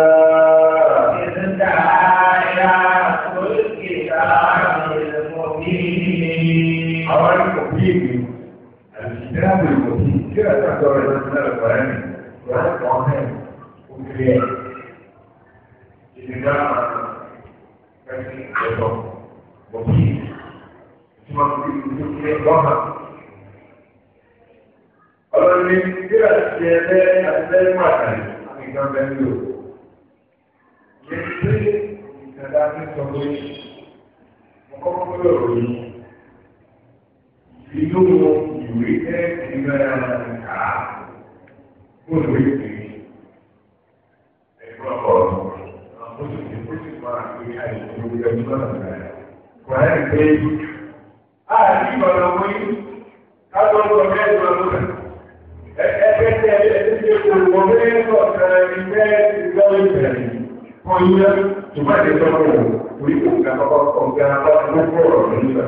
àwọn ìkọ̀bí èdè àìsídáàbò ìkọ̀bí tí ó àtàkọ́ rẹ̀ lọ́sí náà lọ́pàá rẹ̀ wọ́n kọ́ ọ́nẹ́ òkèrè ẹ̀ ìdíjá máa kẹ́sí ẹ̀tọ́ bọ̀bí tí wọ́n fi ìlú kí ẹ lọ́hà. ọlọ́ni tí a ti ẹ bẹ́ àtẹ́lẹ́ màtàlì àmì kan bẹ́ẹ̀ lò. yẹ́n tí ìtàdá ti sọ pé mo kọ́kọ́ lọ́rọ̀ yìí inú ìwé tẹ́ ìgbára kà á kó lórí ìpínlẹ̀ ẹ̀kọ́ ọ̀rọ̀ àwọn oṣù tó ti máa fi àìsàn orí ẹjọ́ náà kò rẹ̀ pé àti ìbọ̀nà wọ́n kájọ́ ń sọ bẹ́ẹ̀ tó lọ́wọ́ ẹgbẹ́ tẹ ẹgbẹ́ tẹ olùkọ́ bẹ́ẹ̀ sọ kẹrẹ ní bẹ́ẹ̀ ti gbọ́dọ̀ ìbẹ̀rẹ̀ kọ́ yíyá tùmọ̀ ìdẹ́sọ́kọ̀ orí kò gbà kọ́kọ́ kọ́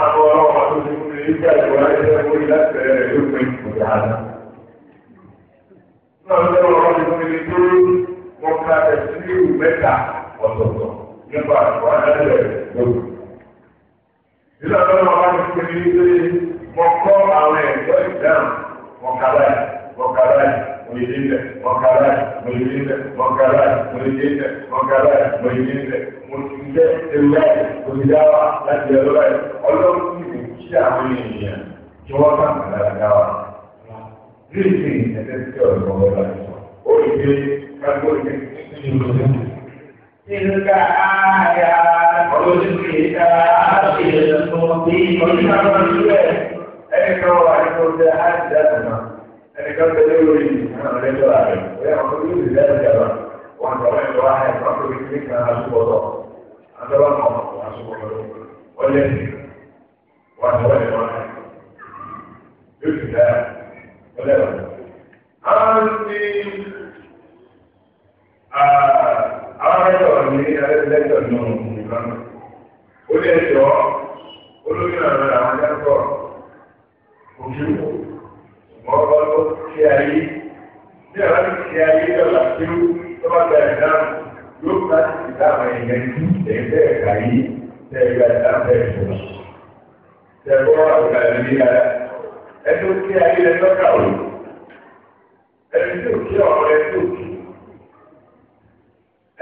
àwọn ọlọ́pàá tó ti kúrò yíká ìwà ẹgbẹ́ orí láti ẹ̀rẹ̀ yóò pé ìpòdà àná. Náà ń tẹ́wọ́ wọn ti kúrò tó wọn ká ẹ̀sìn ní ìlú mẹ́ta ọ̀tọ̀ọ̀tọ̀ nípa àgbà ẹ̀rẹ̀ lóru. Ìlú àtọ́nà wọn ti kúrò yí pé wọ́n kọ́ àwọn ẹ̀kọ́ ìdáhùn wọn ká mo ti jẹ́ ewé onídàwà láti ẹ̀rọ rẹ̀ ọlọ́run sì lè kí àwọn ènìyàn tí wọ́n kà mọ̀ dáradára. Ríṣì ẹ̀sẹ̀ sí ọ̀rọ̀ ọ̀rọ̀ rẹ̀ ó lè gbé kájú òde nínú ìlú. Nígbà àyà olóṣèlú ìta àti ìlú bí oníkà lọ sílẹ̀ ẹni kan wà ní kó jẹ́ àìsí àtùmá ẹni kan tẹ̀lé lórí àwọn ẹlẹ́jọ́ rẹ̀ bóyá wọn tó yóò tó fi kí ní àtàwọn ọmọ ọmọ àṣọwọ́ lọ́wọ́ ọlẹ́ wà ní wọ́n lè yóò ti dá ọlẹ́ wà. Àǹtí àwọn ẹ̀dọ̀ ní ẹlẹ́dẹ̀ẹ́dọ̀ náà nìkan. Ó lè jọ olóyún àwọn àwọn akẹ́kọ̀ọ́ òkú ọ̀rọ̀ ló ti ayé. Bí àwọn ti ayé lọ́la tí ó bá bẹ̀rẹ̀ náà yóò bá ti táwọn èèyàn ní ẹgbẹ́ ẹ̀ka yìí tẹ̀gbẹ́ lábẹ́ ẹ̀fọ́. Tẹ̀gbọ́ àgbà ní ara ẹni ó kí ayé ẹjọ́ kàwé. Ẹni tí ò kí ọ̀rọ̀ ẹni tí ò kí.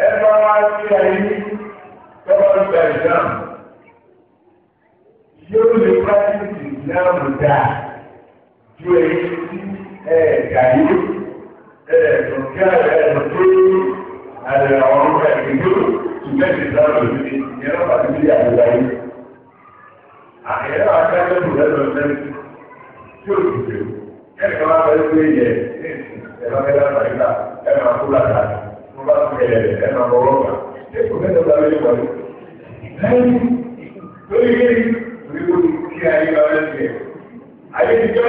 Ẹ bá wá sí ayé tọ́wọ́ gba ìdáhùn. Yóò lè pàṣípì ìdáhùn dáa ju èyí tí ẹ̀ẹ̀ka yìí ẹ̀ẹ̀dùn kí ààrẹ ẹ̀dùn tó yé àti àwọn ọmọ ẹ̀mí tó ṣùgbọ́n ti sá lọ sí ìyẹn náà bàtí bí àgbẹ̀dá yìí. àyẹ̀wò akájọ́ kò lẹ́nu ọ̀sẹ̀ tí ó ti tẹ̀ ẹ̀ka wá fẹ́ gbé yẹ ẹ̀ka fẹ́ lánàá yìí náà ẹ̀ka kó làtà mo bá fi ẹ̀ ẹ̀ka ọ̀rọ̀ kan ẹ̀kọ́ mẹ́ta bá lóye wọlé. lẹ́yìn lórí ilé ìgbìmọ̀ kí ayé bá lẹ́sẹ̀ ayé ti jọ́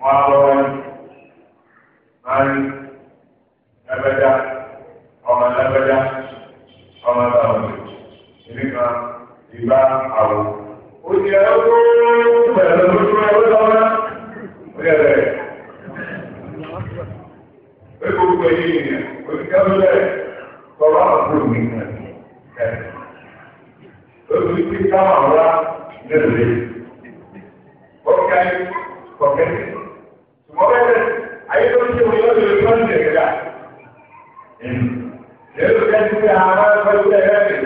wọn á lọ wáyé máyé lágbájá ọmọ lágbájá ọmọ táwọn èmi kan ìgbà àwọ. Oṣù ẹ̀rọ tó bẹ̀rẹ̀ lójú ẹ̀rọ lọ́wọ́ ó yẹ bẹ̀rẹ̀. Pé gbogbo ẹ̀yìn ìyẹn, oṣìṣẹ́ ló bẹ̀rẹ̀ sọ̀rọ̀ àbúrò mi kan. Oṣù tí káwọn Ọbẹ̀rẹ̀ ayé tó ń ṣe òun yóò lè tọ́jú ẹ̀ka. Lẹ́yìn ìgbà tí a máa ń fẹ́ ṣe ẹ̀rẹ́ rẹ̀,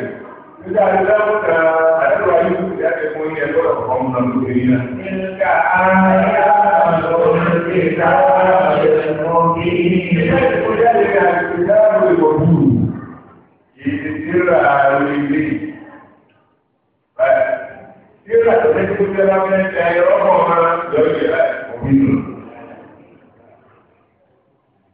nígbà tí a ń ta àdúrà yìí kù jáde fún ilé ẹ̀kọ́ ọ̀kan náà lóde yìí náà. Nígbà ayé àwọn ọ̀rẹ́ ìta ẹ̀kọ́ kí ní ilé ẹ̀kọ́ jáde ní àti ìdáàbò ìwọ̀dù. Ìdí tíra ilé. Tíra tó ní kúndé lábẹ́ ẹ̀yọ́ ọmọ ọmọ lọ́yẹ̀ òbí nù.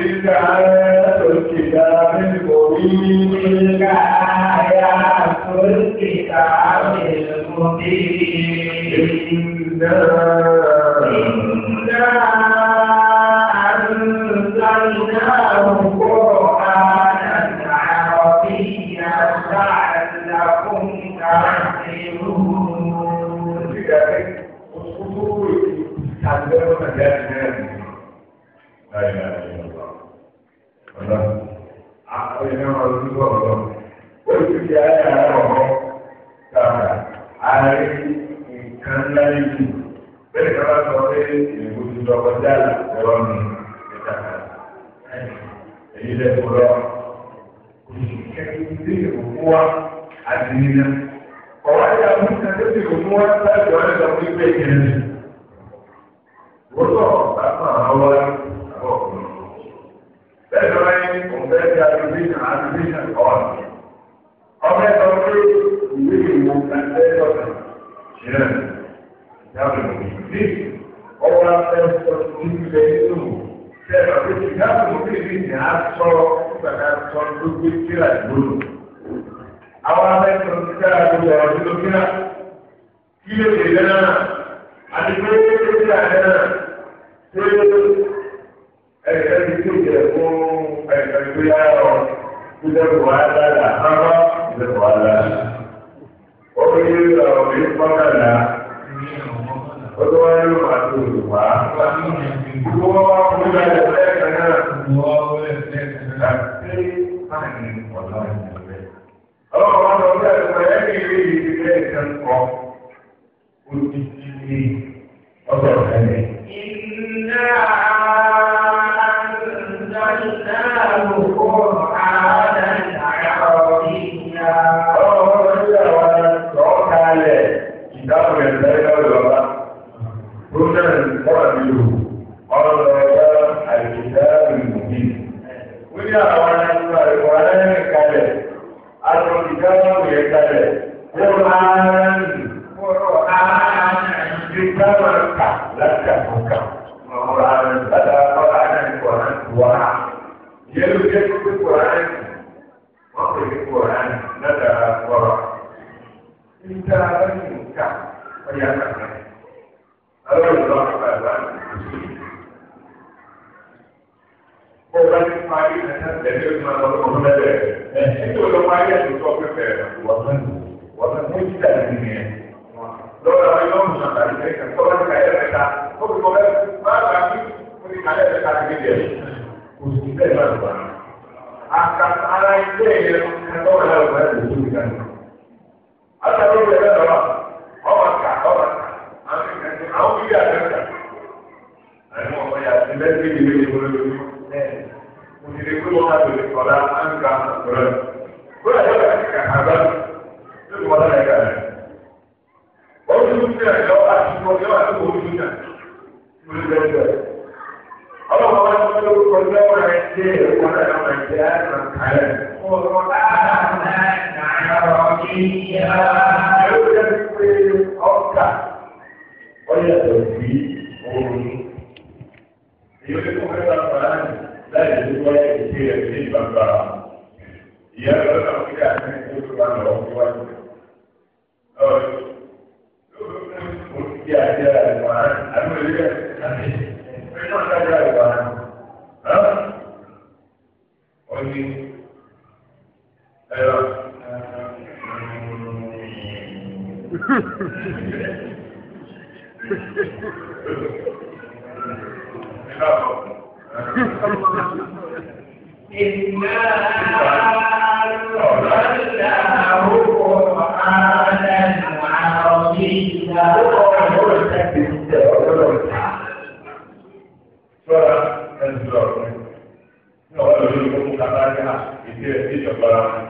Ìgbà àtòkè dáre bò rí. Ìgbà àtòkè dáre bò rí. Ìgbà àtòkè dáre bò rí. ìdọ̀kọ̀já ẹ̀rọ ni ìkàkà èyí lè kó lọ kí òkú wa àti nínú ọ̀wá yà mú kí òkú wa láti ọ̀rẹ́ lọ sí pé ìyẹn ni wọ́n tọ̀ lápá àwọn ọ̀rẹ́ àwọn ọ̀kùnrin bẹ́ẹ̀ lọ́wọ́ yẹn òun fẹ́ẹ́ di àdúgbò àdúgbò ọ̀rẹ́ ọmọ ẹ̀ka ọdún ìwé ìwò àti ẹ̀dọ̀ta ṣẹlẹ̀ ìjábọ̀ ìwé. ọwọ́ ẹ̀sọ́ nílẹ̀ inú ṣe é tí káàkiri mú ní a sọ nígbà tá a ló gbé kíra ìgbónú. Àwọn abẹ́sọ̀ ti ká àgbègbè ọ̀rọ̀ nínú kíra. Kí ló lè Àdìgbò ló lè kíra Ṣé ti tó jẹ fún tó yá ọ? Ìjọba wàhálà là, ìjọba wàhálà là. Ó yẹ ọ̀rọ̀ ọdún wa yóò máa tó ìwà. Ìwọ ọmọ ìgbà ẹ̀fẹ́ kan náà. Ìwọ ọmọ ẹ̀fẹ́ kan náà. Ṣé báyìí ọ̀dọ́ ìgbàlẹ̀? Ọlọ́run wa lọ sí ẹ̀fọ́ ẹ̀ ní ilé ìdílé ẹ̀sẹ̀ ń kọ́. Odidi ni ọ̀dọ̀ ọ̀fẹ́ mi. Ìnáà. wí. Ẹ̀rọ. Ìgbà ọ̀rọ̀ ìdáhùn ọ̀hánà ìwà ọ̀gbìn ìdáhùn. uh,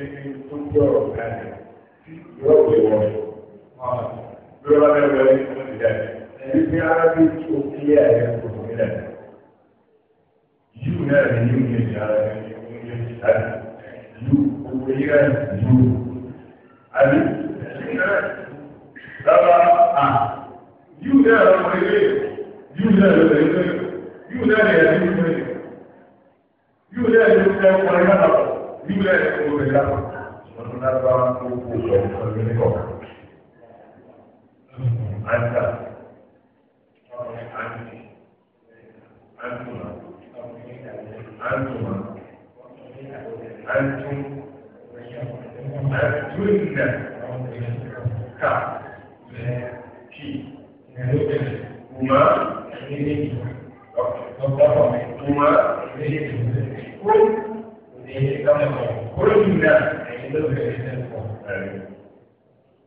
ti tó jọ ọ̀rọ̀ kalẹ̀ tí yóò pè wọ́n. Bí wọ́n bẹ wọlé fún mi dẹ̀, ibi arábí tó kílé ẹ̀yẹ kò tó kílẹ̀. Yíwù náà ni yíwù ní ìjà rẹ̀ ní ìwé ní ìjà rẹ̀. Yíwù owó yíra yíwù. Àbí lọ́wọ́ à yíwù náà lọ́wọ́ ilé yíwù náà lọ́wọ́ ilé yíwù náà lọ́wọ́ ilé yíwù náà lọ́wọ́ ilé yíwù náà lọ́wọ́ ilé bíbélì ẹ̀ kó lè dá wọn tún dá bá wọn kó kó lọ pẹ̀lú ní kọ̀ọ̀kan. àǹtà àǹtì àǹtùmá àǹtùmá àǹtùm àǹtùnà ká kí kùmá kùmá kùmá ẹ̀yìn káwọn ẹ̀kọ́ olóògùn náà ẹ̀yìn ló bẹ̀rẹ̀ ẹ̀yìn ẹ̀kọ́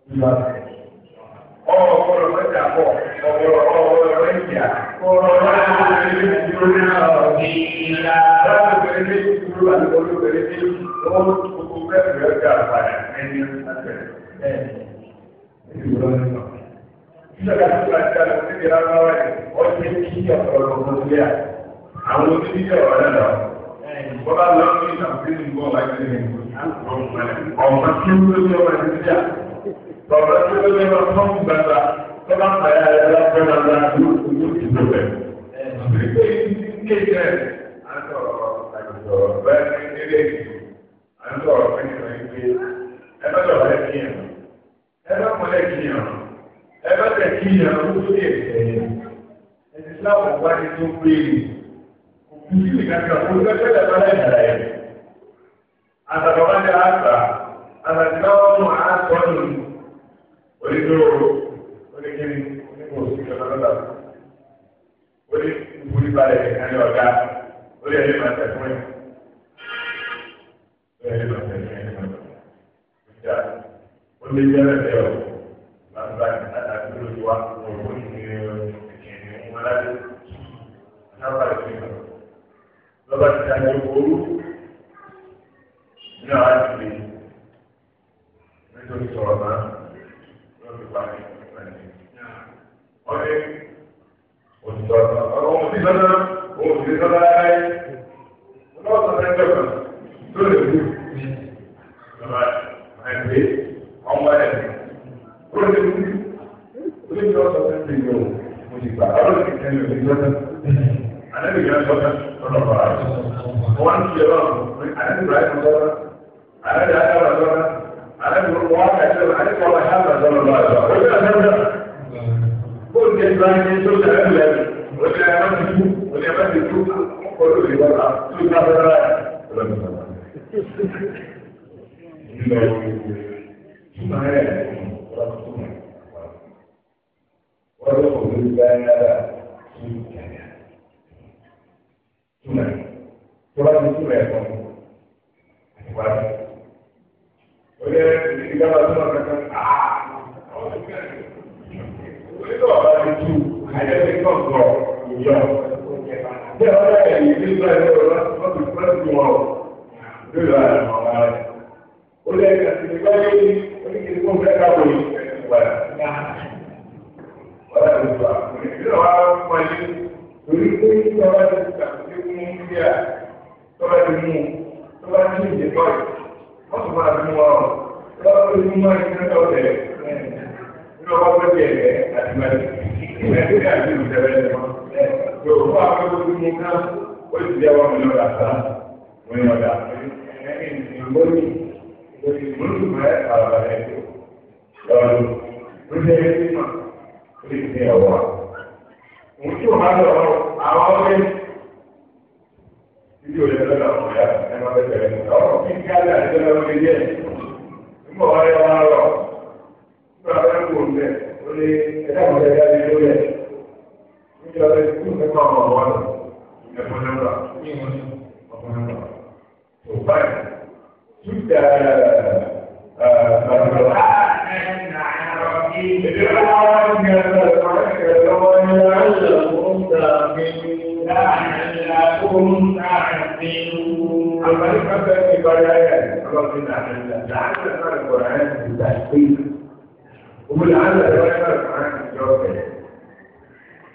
ìlú àfẹ́. ọ̀pọ̀lọpọ̀ mẹ́ta pọ̀ ọ̀pọ̀lọpọ̀ mẹ́ta ọ̀pọ̀lọpọ̀ Ìjọba tó bá ti àlọ́ sí ìlànà ọ̀rẹ́ ọ̀sẹ̀ kí ọ̀pọ̀lọpọ̀ tó yà. Àwọn oníbíyẹ̀ ọ̀rẹ́ náà. What I love is I'm feeling more like saying, on particularly on my media. So particularly on some better, so that I have a friend and I do good to do them. So say, in case then, I thought, I thought, but in the day, I thought, I thought, I thought, I thought, I thought, ẹgbẹ́ mọ̀lẹ́ kìíyàn ẹgbẹ́ tẹ̀ kìíyàn ló lè tẹ̀yìn ẹ̀sìn láwọn wáyé tó gbé mjini katika kuongezeka baraka la yeye atakapoanza hasa anajua mtu asoni walizo walikini nikusikia kadhaa wali kuli pale kani waka wali ile matakwa ile matakwa ile matakwa wali jana leo nadhani atakuwa kwa mwingine mwingine wala hapa ni lọ́ba ti ta ju ooru ní àwọn àti lè nítorí sọ̀rọ̀ náà lọ́ọ́ fi pàdé pàdé. ọ̀rẹ́ òṣìṣẹ́ ọ̀rọ̀ òun ti lọ́dọ̀ òun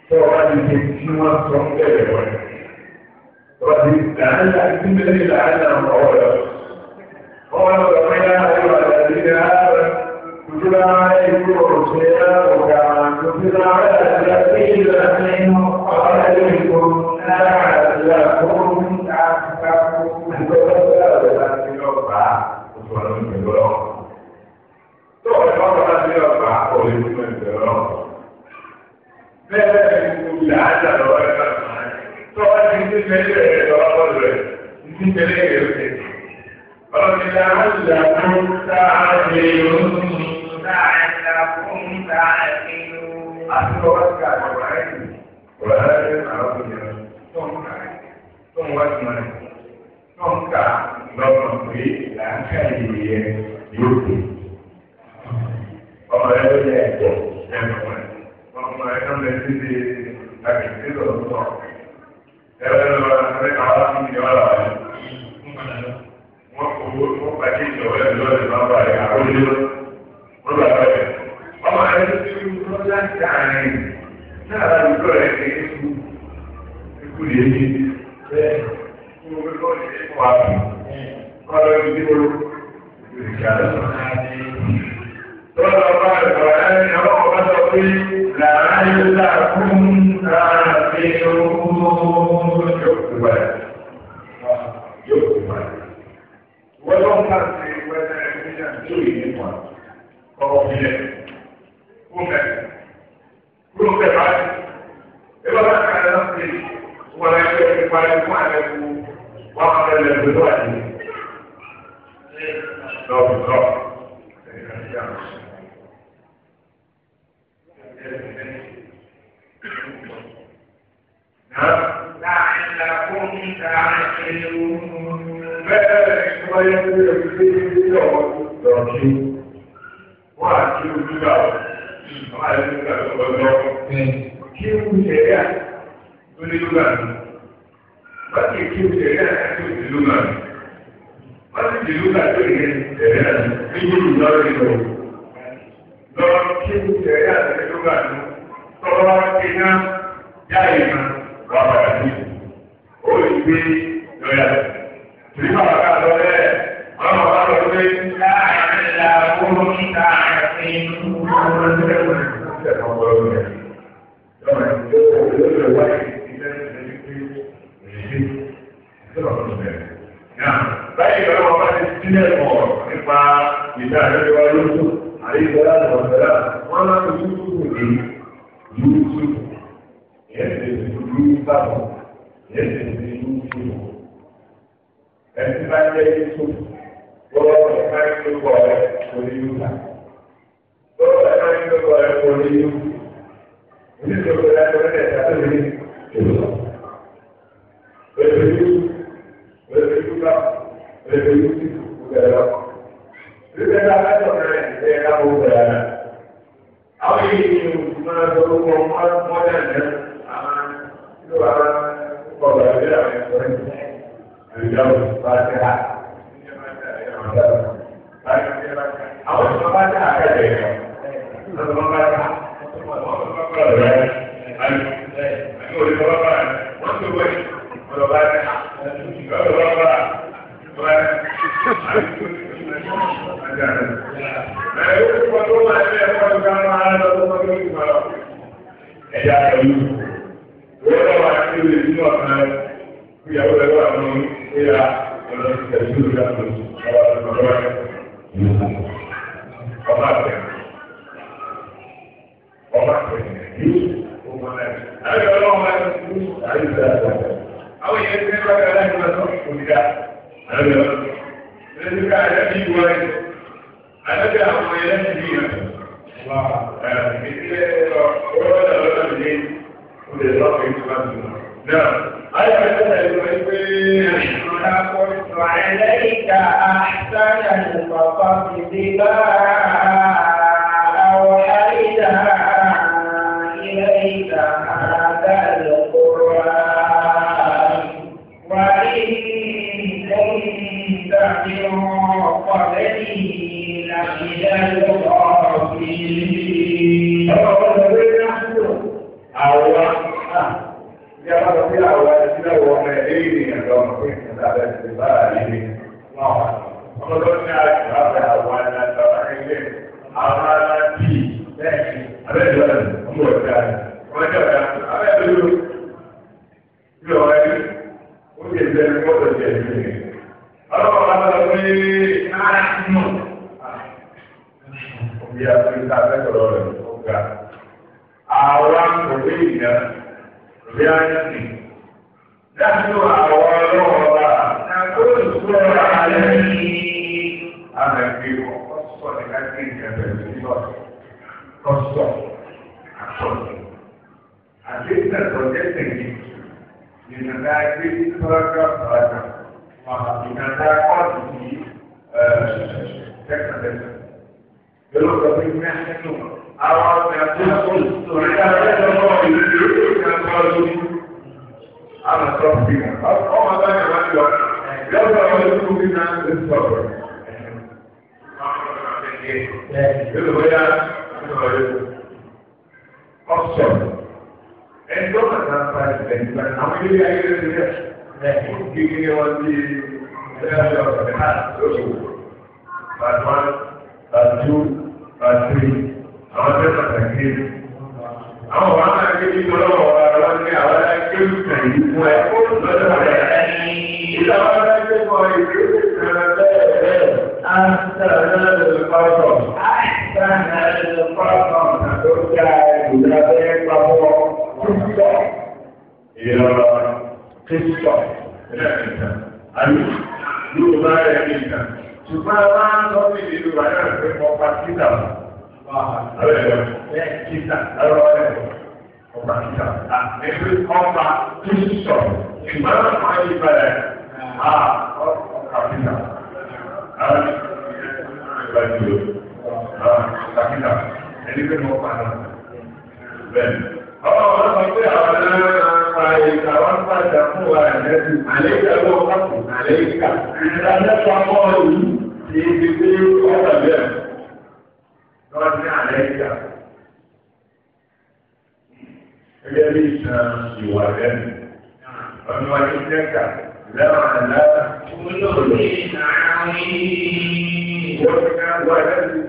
tó o bá ti ṣe tí wọ́n sọ ń bẹ̀rẹ̀ wọ̀ ẹ́. Tọ́ba ti làálà tí bẹ́ẹ̀ ni làálà ọ̀wọ́ lọ. Wọ́n wá lọ pé láàárín ọ̀dà sí ní àárọ̀. Kùtù láàárọ̀ ìlú ọ̀rọ̀ sí ọ̀gá. Kùtù láàárọ̀ àti àti ìlú àti inú ọ̀rọ̀ ìlú ìgbò. Láàárọ̀ àti àkókò ní àkókò ìgbọ́dọ̀ ọ̀rọ̀ láti ọ̀gbà. Kùtù ọ̀rọ̀ ìgbò lọ. Tọ́ọ̀rọ̀ ọ̀rọ̀ láti ọ̀gbà àádà lọ́wọ́ ẹ̀ka tó wá ti ní tẹ́lẹ̀ rẹ̀ lọ́wọ́ bọ́ọ̀lù rẹ̀ ní tẹ́lẹ̀ rẹ̀ ó tẹ̀. ọ̀gẹ̀dẹ̀ àádà fún táàdé lónìí táàdà fún táàdé lónìí. àti lọ́wọ́ ti ká àjọ̀wá rẹ̀ ọ̀rọ̀ rẹ̀ àwọn ènìyàn tó ń kà tó ń wá sí wọn tó ń kà lọ́kàn pé làákà ìyẹ yóò dé. ọmọ rẹ̀ ló yẹ ẹ̀kọ́ ẹ̀kọ́ ọmọ rẹ̀ ló lẹ àgbègbè lọ لعلكم تعقلون يقبل يقبل ولو كانت وتعمل جوي فهو بلاد ومات كل بعد إبقى على نفسه ولا يشرك عليكم عليه وقبل البدوات Thank you. لعلكم تعقلون bẹ́ẹ̀ wọ́n yẹ kó yẹ kó yẹ kó yẹ ọ̀wọ́ lọ́ọ̀kí wọ́n àti ojúgbà wọ́n àti ojúgbà tó bọ́ lọ́wọ́ kí wù sẹ̀rí à tó ní ló gbàgbé wọ́n ti kí wù sẹ̀rí à tó ní ló gbàgbé wọ́n ti dìlú gbàgbé yẹn sẹ̀rí à tó ní ló gbàgbé lọ́wọ́ lọ́wọ́ kí ní ìṣẹ̀lẹ̀ Wow.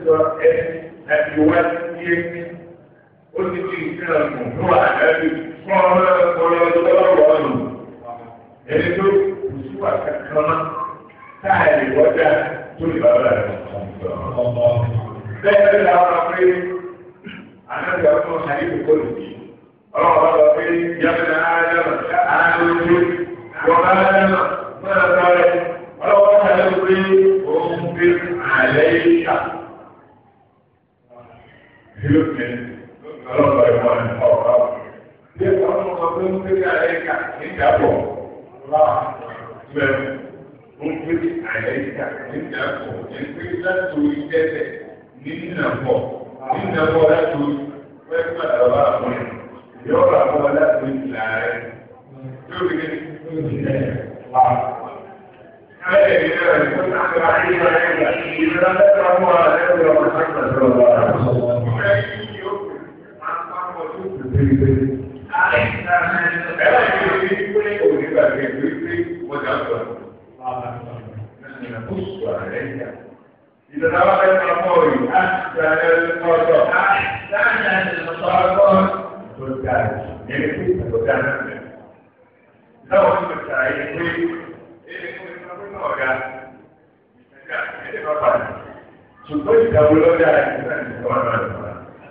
sọ ẹni àti ìwádìí sí ẹni ó ti di nǹkan ọ̀gbìn fún àdáyé fún ọmọ ọlọ́wọ́ lọ́wọ́ ọ̀nà ẹni tó kù sí wà kankan mọ́ táà lè wọ́jà tó lè bá bàrà rẹ̀. bẹ́ẹ̀ ni àwọn ọmọdé àti àwọn ọmọ ayé kò lè bí ọlọ́wọ́ bá lọ pé yàtọ̀ àádọ́mà àádọ́mà wọ́n àádọ́mà mọ́ra sáré ọlọ́wọ́ bá lọ pé òun fi àlẹ́ yìí ṣàkóso ìlúpin ọlọ́pàá ìwọ̀n ní ọ̀pá. Bí ẹ̀ka ọmọ kan tó ń gbé àyẹ̀ká níjàpọ̀ láà bẹ̀rù ń gbé àyẹ̀ká níjàpọ̀ ń gbé látòrí tẹ́tẹ̀ ní nínàpọ̀ nínàpọ̀ látòrí pẹ́ẹ́pẹ́ àdàbà àwọn ìyọ́rọ̀ àwọn látòrí làárẹ̀ lórí ní láà. Bẹ́ẹ̀ ni ẹ̀rọ ìfúnná àti àyíká ẹ̀yà ìrẹ́lẹ́ta mú àlẹ́ ìrọ̀ àti àgbàdo ọ̀la. Ṣùgbọ́n ìdáwó lọ́dọ̀ àìsàn ìwọ̀n náà.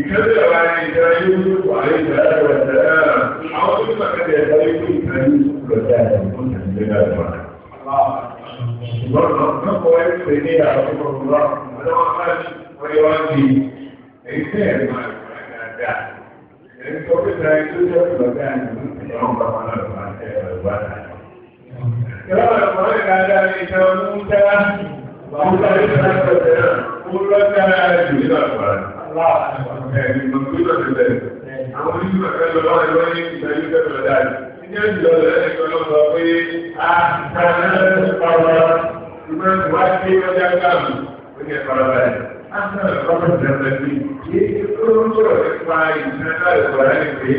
ìkẹ́lẹ́ ọ̀rọ̀ ayé ìjọba yóò tó wà ní ìjọba ìwọ̀n tẹ̀lé àwọn tó nípa kẹ́lẹ́ ẹ̀ka yóò tó ìka yóò tó lọ́jà ìjọba ìjọba ìjọba. ṣùgbọ́n náà kọ́ ẹ́ pè ní àwọn tó kọ̀ lọ́wọ́ ọlọ́wọ́ máa ń wọ́n yẹ wọ́n di èyí tẹ́ ẹ̀ máa ń gbà dáadáa. ẹni tó fi ẹ̀mí mọ̀ tó lọ sílẹ̀. Àwọn oníṣẹ́ ìfẹ́ lọ lọ́wọ́ ẹ̀rọ ní ìgbà yóò fẹ́ lọ dáadé. Ilé ìjọ rẹ̀ ẹ̀kọ́ lọ sọ pé a ta ẹ̀rọ pàwọ́ ìgbà tó wá sí ọjà gáàmù ó ní ẹ̀kọ́ lọ́wọ́ ẹ̀. A ń sọ̀rọ̀ lọ́wọ́ ìjọba bí i tó ń sọ̀rọ̀ nípa ìṣẹ́ńtà ìṣọ̀rọ̀ ẹ̀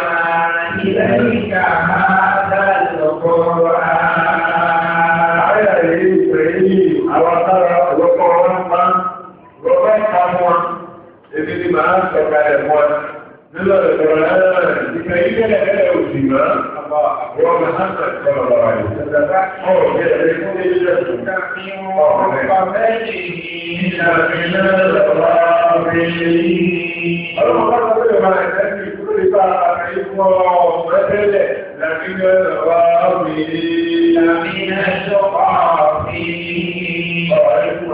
إليك هذا القرآن Ebi ni màá sọ̀ka ẹ̀fọ́ ẹ̀. Nílò ìṣòro ẹ̀rọ ìfẹ́ ilé ẹ̀rẹ́ òsì máa wọ́n máa ń sọ̀rọ̀ ọ̀rọ̀ ẹ̀. Ọ̀rọ̀ bí ẹ̀rẹ́ fún ilé ẹ̀sùn. Ọ̀rọ̀ ẹ̀fọ́ mẹ́rin ìṣàfihàn ọ̀rọ̀ ọ̀rọ̀ ẹ̀yìn. Ọlọ́mọ bá sọ pé ìwà ẹ̀fẹ́ ti كتب عليكم القتل لمن الغافلين من الشقاق وإن كنت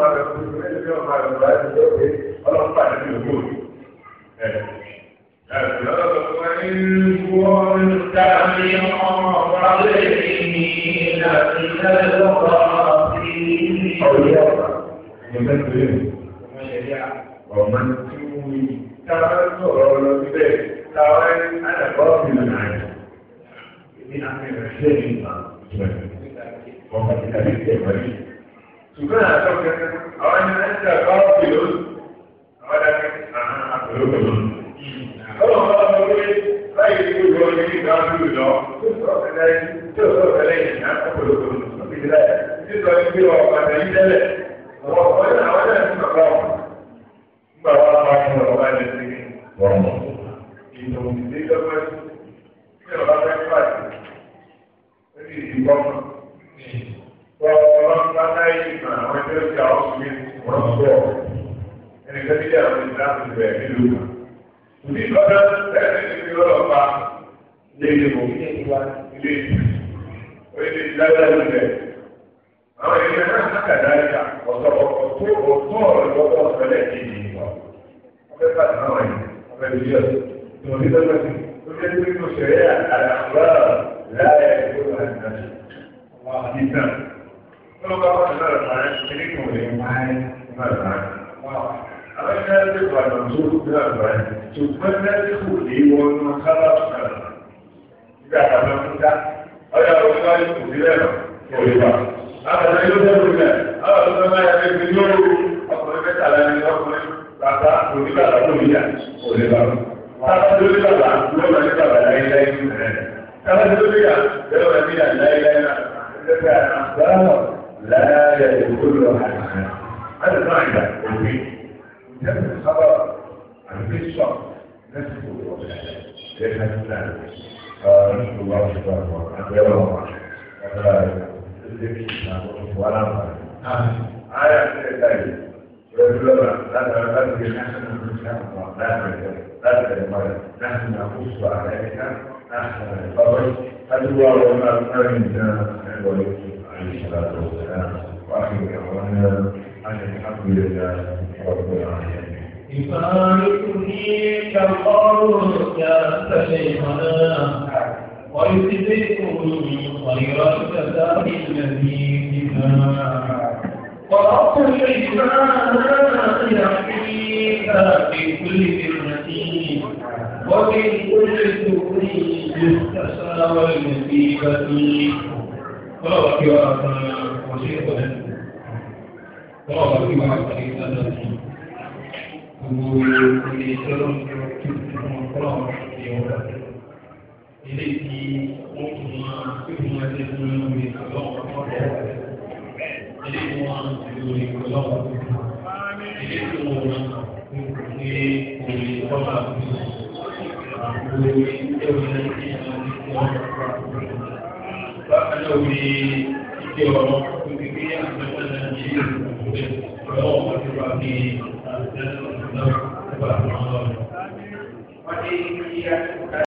من قبله لمن الغافلين ومن كنت من قبله Tawai ada bom di mana? Ini akan resesi pak. Bukan kita tidak lagi. Juga atau kita awalnya ada bom di luar. Awal ada tanah atau belum. Kalau kalau boleh, saya itu boleh di dalam dulu. Terus ada terus ada ini apa belum? Tidak. Itu kalau kita ada ini. Kalau awalnya ada bom. Bawa apa yang bawa ada sini. Bom ìtàn ìdíjọpẹ́ tí ọ̀la fẹ́ pàdé lórí ìdíkọ́mọ. Wọ́n ọlọ́run bá náà yìí mà àwọn ẹgbẹ́ ìjà ọ̀sùn mi wọ́n ẹni tẹ́lẹ̀ ìjà àwọn ìjà àti ìbẹ̀ nílùú kan. Òbí ìbọ̀dá ẹ̀rẹ́ ti fi lọ́rọ̀ pa ilé ìdìbò ilé ìdìbò ilé ìdìbò ilé àwọn ẹgbẹ́ náà kàkàdá ìjà ọ̀sọ̀ ọ̀tún ọ̀tún ọ̀rọ̀ ìgbọ́dọ̀ ọ̀sẹ̀ lẹ́ẹ̀kejì ìgbà. Wọ́n fẹ́ pàdé náà wọ̀nyí, wọ́n fẹ́ مدرسة وكذلك شريعة الأخبار لا يقولها الناس الله حديثا لو قرأت هذا القرآن شريكه للمعاني ماذا أما الناسخ والمنصور بلا القرآن ثم الناسخ لي ومن خلق إذا حفظت أيا رسول الله ويبا أما لا يدر الله أما ما يدر الله أقول لك على أن يقول لك لا تأخذ إلا رسول الله ويبا Tábà lórí bàbá yóò máa ní bàbá láíláí. Tábà lórí yà yóò máa ní yà láíláí náà. Lẹ́fẹ̀ àgbáwọ̀ láyà ìdókòwò lọ àìsàn. Láti máa yà òbí. Lẹ́fẹ̀ sábà àbí sọ̀ lẹ́sìn kò lọ sílẹ̀. Lẹ́fẹ̀ sílẹ̀ àbí sọ̀ wà síbà wọ̀ àbẹ̀wò wà. Àbẹ̀wò wà. Lẹ́fẹ̀ sílẹ̀ àbí sọ̀ wà láǹfààní. Àyà ń tẹ̀lé نحن نقص عليك أحسن الفضل أن الحمد لله الله يا سليمنا ويجزيكم خير الجزاء الذي بما ورب العباد يحييك بكل فتنه ومن كل سوء يختصر والمصيبه ورب وعطانا وشيخنا ورب وعطانا Ilé ti wọ́n tún máa ń pè fún ẹgbẹ́ fún ẹgbẹ́ ọlọ́pàá ọ̀pọ̀ ọ̀pọ̀. eléyìí wọn ìlú ìpínlẹ̀ ọ̀hún eléyìí wọn ní orí ọ̀gá orí ẹ̀rọ ní bákan náà orí ìdí ọ̀rọ̀ kékeré àgbẹ̀fẹ́ náà ní ìlú ọ̀hún àti wà ní àgbẹ̀fẹ́ náà wà ní ọ̀rọ̀.